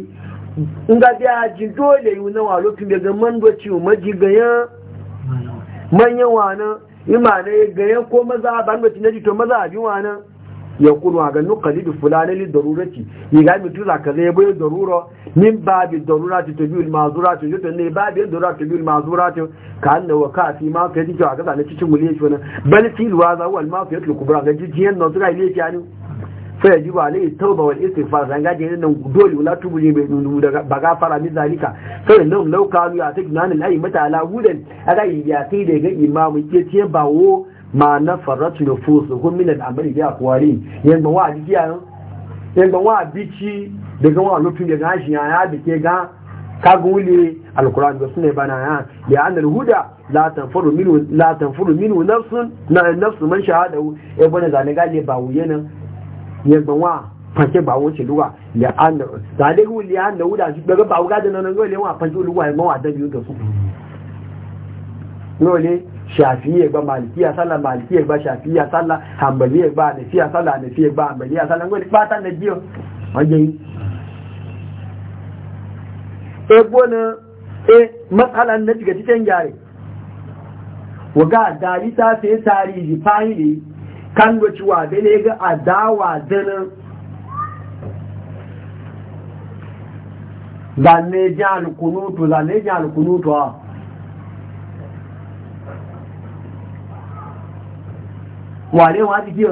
A: in ga biya ji dole yi nawa walo daga man maji ganyen manyan na imanai ganyen ko maza ban doci na jito maza a biyu wani ya kunu a ganin kalidu fulani li darurati yi ga mutu za ka zai bai darura min babi darura ta tabi il mazura ta ne babi yin darura ta bi il mazura ta ka hannu wa ka fi ma ka yi jikin a kasa na cikin muliyar shi wani bal filwa za wal ma ka yi tulukubura ga jijiyan na suka yi lefiya ne fa yaji ba alai tauba wal istighfar zan gaje nan dole wala tubu ne bai dundu daga baga fara min zalika sai nan law kanu ya take nan alai mata ala hudan aga ya ta da ga imamu ke ce wo ma na faratu da fusu Ko minan al'amari ya kwari yan ba wa dikiya yan ba wa bici daga wa lutun daga hashi ya ya bike ga kagule alquran da sunne bana ya ya annal huda la tanfuru minu la tanfuru minhu nafsun na nafsu man shahadahu e bana zane gale ba wuyena ya wa pàṣẹ bá wọn ṣèlú wa lẹ àná tàdé wù lẹ àná wù dàṣù bá wùgá dáná náà lẹ wọn àpàṣẹ olúwa ẹgbọn wa dẹbi oúnjẹ fún náà lẹ ṣàfihì ẹgbà màlìkí àsálà màlìkí ẹgbà ṣàfihì àsálà àmbẹ̀lí ẹgbà ànẹ̀fí àsálà ànẹ̀fí ẹgbà àmbẹ̀lí àsálà ńgbẹ̀lí pátá nẹ jí ọ egbó na e, e matsala na jìgà títẹ́ ń yàrẹ̀ wọ́gá àdáyí sáfẹ́ sáàrí ìfáhìlì kan doci wa bene ga adawa dana zane ji alkunutu zane ji alkunutu a wane wa jike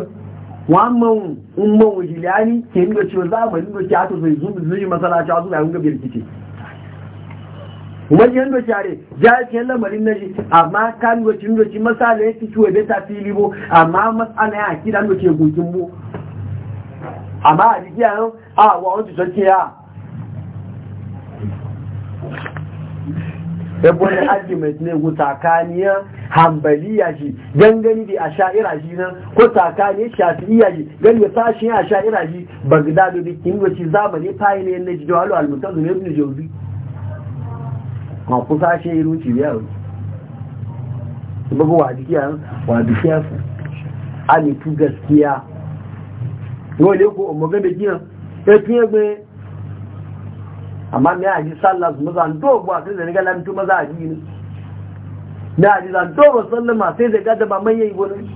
A: wannan umman wujilani ke nuna cewa zamanin doci a to zai zuwa masalaci a zuwa yawon gabiyar kice wani yadda share jahilciyar lamarin na shi amma kan lokacin doki. masala ya fito bai ta fili bo amma masala ya haki da lokacin gokin bo amma a jiki yau a wa wani tutarki ya yabon da argument ne ku tsakaniyar hambaliya shi gangani da a sha'ira shi nan ko tsakaniyar shafi'iya shi gani ta shi a sha'ira shi bagdadu da kimwaci zamani fayi ne na jidawalu al-mutazum ibn jawzi wọn kusa sáṣẹ́ irú ti rí ẹ̀rù gbogbo wà bí kíyà wà bí gaskiya yóò lè kó ọmọ gẹ́gẹ́ kíyàn ẹ tún yẹ amma me aji sallah su maza dogo sai da riga lantu maza aji ne me aji zan dogo sallama sai da gada ba mai yayi wani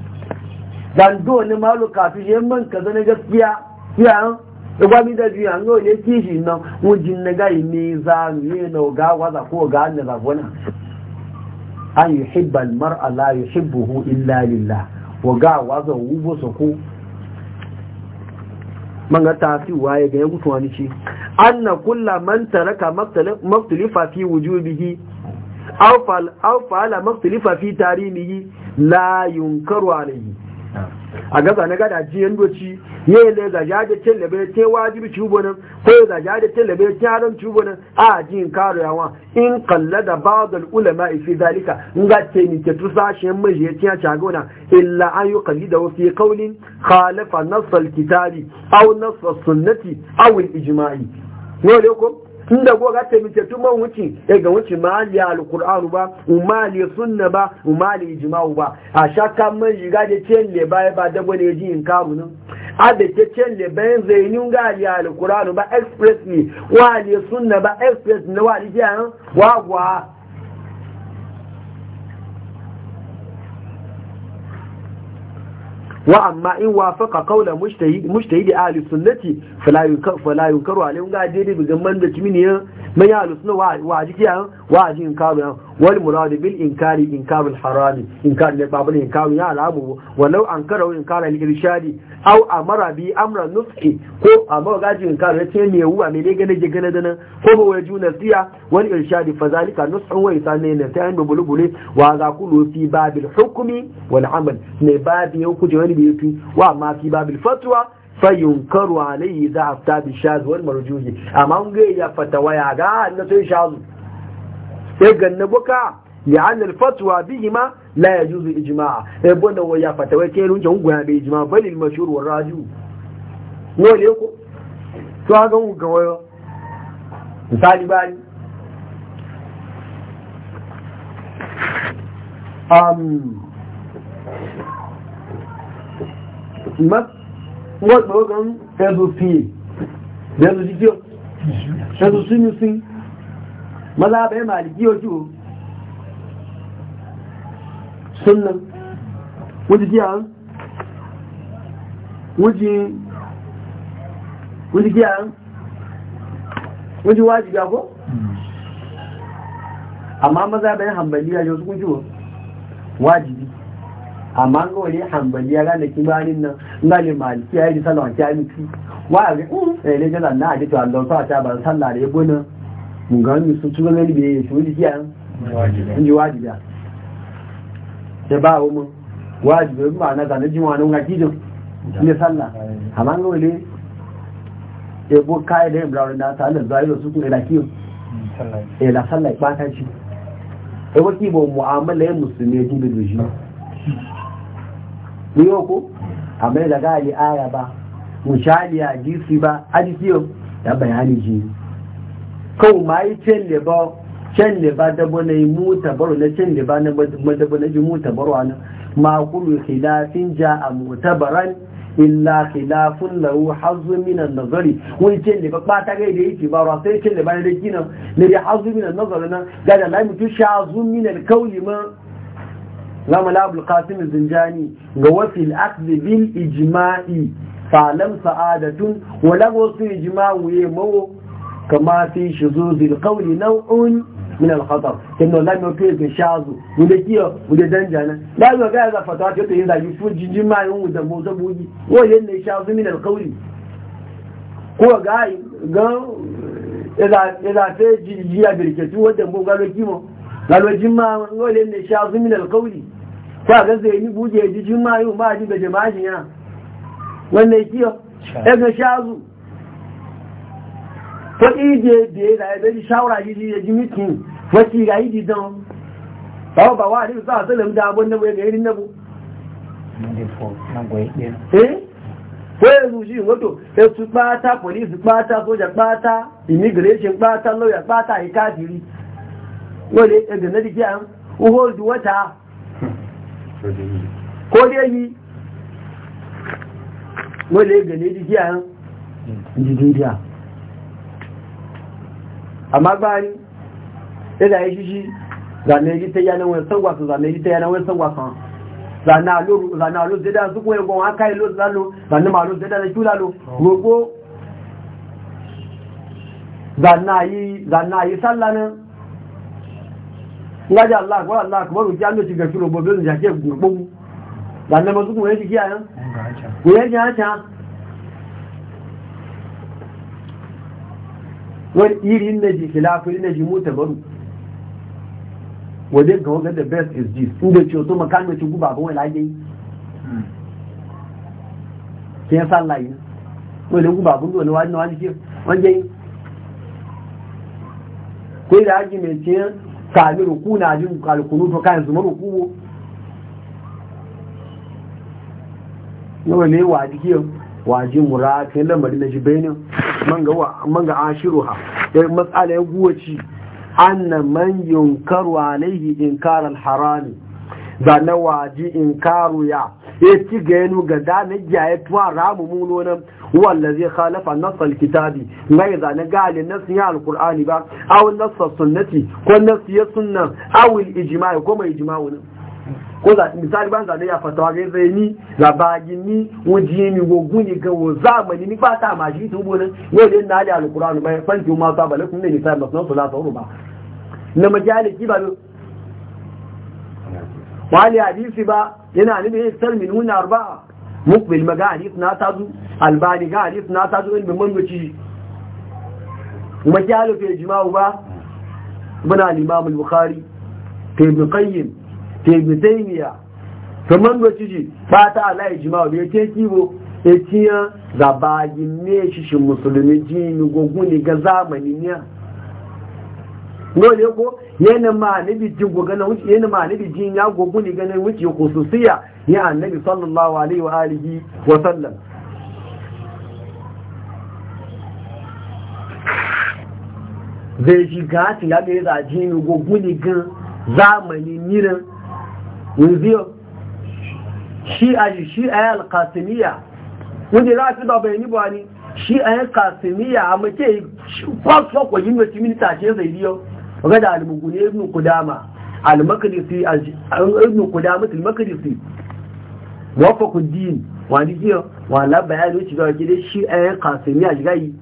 A: zan do ne malu kafi je man kaza na gaskiya ya igwami da juya an yau ne kishi nan wujin na gai ne za yi na ga waza ko gane an da an yi hibbal mar'a la hibbuhu illa lillah wa ga waza wubo su ko man ga tafi waye ga ya gutu wani ci anna kulla man taraka maktulifa fi wujubihi aw fa'ala maktulifa fi tarimihi la yunkaru alayhi a gaza na gada jiyan doci ya yi da zaja da ce labe ce wajibi ko ya zaja da ce labe ce haram cubo a jin karo in kalla da ba'dul ulama fi zalika in ga ce ni ke tu sashen mai ya ci ta gona illa an yi kalli da wasu kaulin khalafa nasal kitabi aw nasal sunnati aw al ijma'i ne inda ko ga ta mice tuma wuce ya ga wuce mali alqur'anu ba umali sunna ba umali ijma'u ba a shakka man shiga da cin le baya ba da gwane ji in kamu nan a da ke cin le bayan zainin ga ali alqur'anu ba ne wa ali sunna ba express na wa ali ya wa wa wa amma in wafaqa qawla mujtahidi ahli sunnati fala yunkaru fala yunkaru alayhi ga dai bi gamman da kimini man ya ahli sunna wa wa jikiya wa'azi kawo ya Wani muradu bil kari in kawo harami kari da babu kawo ya alabu Wannan an karawo inkaru al irshadi aw amara bi amra nufi ko amma in kawo ya ce ne wuwa me ne gane gane dana ko ba wa juna siya wani irshadi fa zalika nutqu wa isani ne ta yin bulubule wa za ku lofi babil hukumi wani amal ne babi kuje wani fi wa ma fi babil fatwa fayunkaru alayhi za a bi shaz wal marjuhi amma ngai ya fatawa ya ga na sai shazu sai ganna buka ya annal fatwa bihima la yajuzu sai bonda wa ya fatawa kai runje hu guya ga mu ga wayo ma wa ga ga maza bai maliki ojú sunan wujin giyan an? giyan wujin wajiga ko amma maza bai hambaliya yau su kunjiwo wajibi amma ga wani hambaliya gane kimanin nan gane maliki ya yi salon ta wa a ga ɗin mm, eh, ne gaza na a jikin allon sa ta ban sallah da ya gona a sun tún lọ́nà ìbí èṣù ní kíá ní wájìdá ṣe bá ọmọ wájìdá bí máa náà tàbí jíwọn sallah akíjọ ní sálà àmáńgá olè ẹgbó káẹ̀lẹ̀ da náà tàbí zairo sókún ẹ̀dà kíọ ẹ̀dà sálà ìpátá ṣe ẹgbó kí mu'amala ya musulmi ẹjú bèbè jù ní yóò kó àmẹ́lẹ̀ gáàlì áyà ba ya àjíṣi ba ájíṣi yóò ya bayani ji. kawo ma yi cin liba ba liba da bane muta baro na cin ba na madaba na mu baro ana ma kullu khilafin muta baran illa khilafun lahu hazzu min an-nazari wani cin ba ba ta ga da yake ba ra sai cin ba da kina ne da hazzu min an-nazari na ga da lai mutu shazu min al kawli ma na mala abul qasim zinjani ga wasil akhdh bil ijma'i fa lam sa'adatun wa wasu ijma'u yamawu kama fi shuzuzil qawli naw'un min al-khatar kinno la no shazu wule kiyo wule danja na la yo ga za fatwa to yin da yufu jinji ma yin da mo zo buji wo yin shazu min al-qawli ko ga ga ila ila te jinji ya birke tu wanda mo ga lo kimo ga lo shazu min al-qawli ko ga zai ni buje jinji ma yin ma ji da jama'a ya wannan kiyo e ga shazu faɗi da ya biye da ya bai shawara yi ya ji mitin wacce ga yi dizan ba ba wa ne za a tsalam da abin da bai ga irin nabu eh ko ya zuci wato ya su kpata polisi kpata soja ɓata immigration ɓata lawyer ɓata ya kafiri wale ya gane da kiyan uhold wata ko dai yi wale ya gane da kiyan jididiya amma bari da ya shishi zane ji ta yanar wani sangwa zane ji ta yanar wani sangwa su zane alo zai da su kuwa yankon haka yi zalo zane ma lo na kyula lo roƙo zane yi sallanin ngaji Allah akwai Allah akwai ruki an lokaci ga shiro jake zane masu kuma yanki kiyayen? wani irin na ji filafi na ji mota baru wajen ga wajen da best is this inda ce wato makamacin guba ba wani lage yi ke yasa layi wani guba bundu wani wani wani ke wani yi ko yi da haji mai ce sami ruku na jin kalkunu to kayan zuma ruku bo yawon ne wa jikiyar waji murafin lamarin na man manga ashiru ha yi matsala ya guwaci anna man yunkaru alaihi inkarar harami da na waji inkaru ya ya ci ga yanu ga dana jaye tuwa ramu mulo wanda zai khalafa nasar kitabi mai zane gali nasu ya alkur'ani ba awon nasar sunnati ko nasu ya sunan awil ijma'i ko mai ijima ko za misali ban zane ya fatawa ga zai ni labagi ni wajiye mi wogun ni ga wo zamani ni fata ma shi tubo nan yau da na da alqur'ani bai fanti ma sa balakum ne sai masna salatu ruba na majaliki ba hadisi yana ba ibn tebe taimiya kamar da ciji fata ala ijima ne ce kibo ya ciya zabagin ne shi shi musulmi jini gogu ne ga zamanin ya dole ko yana ma nabi jin gogana wuce yana ma nabi jin ya gogu ne ganin wuce ko susiya ya annabi sallallahu alaihi wa alihi wa sallam zai shiga tilabe za jini gogu ne gan zamanin niran yanzu shi a yi shi a yi alkasimiya wanda za a fi da bayani ba ni shi a yi kasimiya a mace kwaso kwa yi mace minita ce zai biyo ga da almugune ibn kudama almakarisi ibn kudama almakarisi wafa kuddin wani giyo wala bayani wuce ga gidan shi a yi kasimiya shiga yi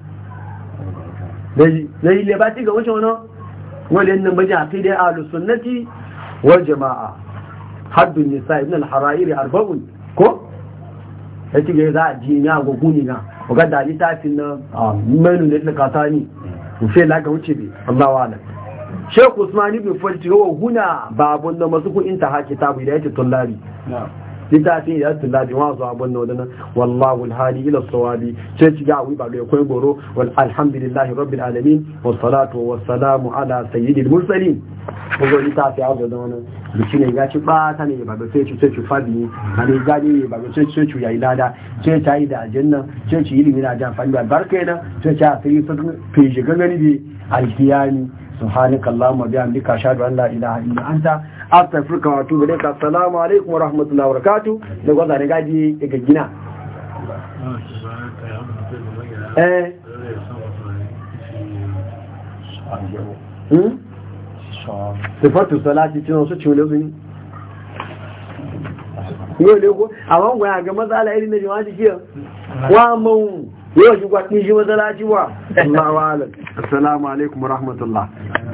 A: da lebati ga wuce wani wani da ya alusunnati wa jama'a haddun nisa ibn al-hara'iri arba'un ko yace ga za a ji go a goguni na ga ta litafin na menu ne ta ni ko sai la ga wuce bi Allahu a'lam Sheikh Usman ibn Fajr wa huna babun da masu ku ha kitabu da yake tullari na'am littafin ya su labi wa zuwa abin wadana wallahu alhali ila sawabi sai ci ga awi ba da kai goro wal alhamdulillahi rabbil alamin was salatu was salamu ala sayyidil mursalin ko go littafi a zuwa wannan bici ne ga ci ba ta ne ba sai ci sai ci fadi ka ne ga ne ba sai ci ci yayi lada sai ta yi da aljanna sai ci ilimi na da fadi barka ne sai ci a sai fi shiga gani bi alkiyani subhanakallahumma bihamdika ashhadu an la ilaha illa anta astagfirka wato tubu ka salamu alaikum wa rahmatullahi wa rakatu da gwaza da gaji daga gina sifatu salati irin da wa mun yau shi kwa matsala alaikum wa rahmatullah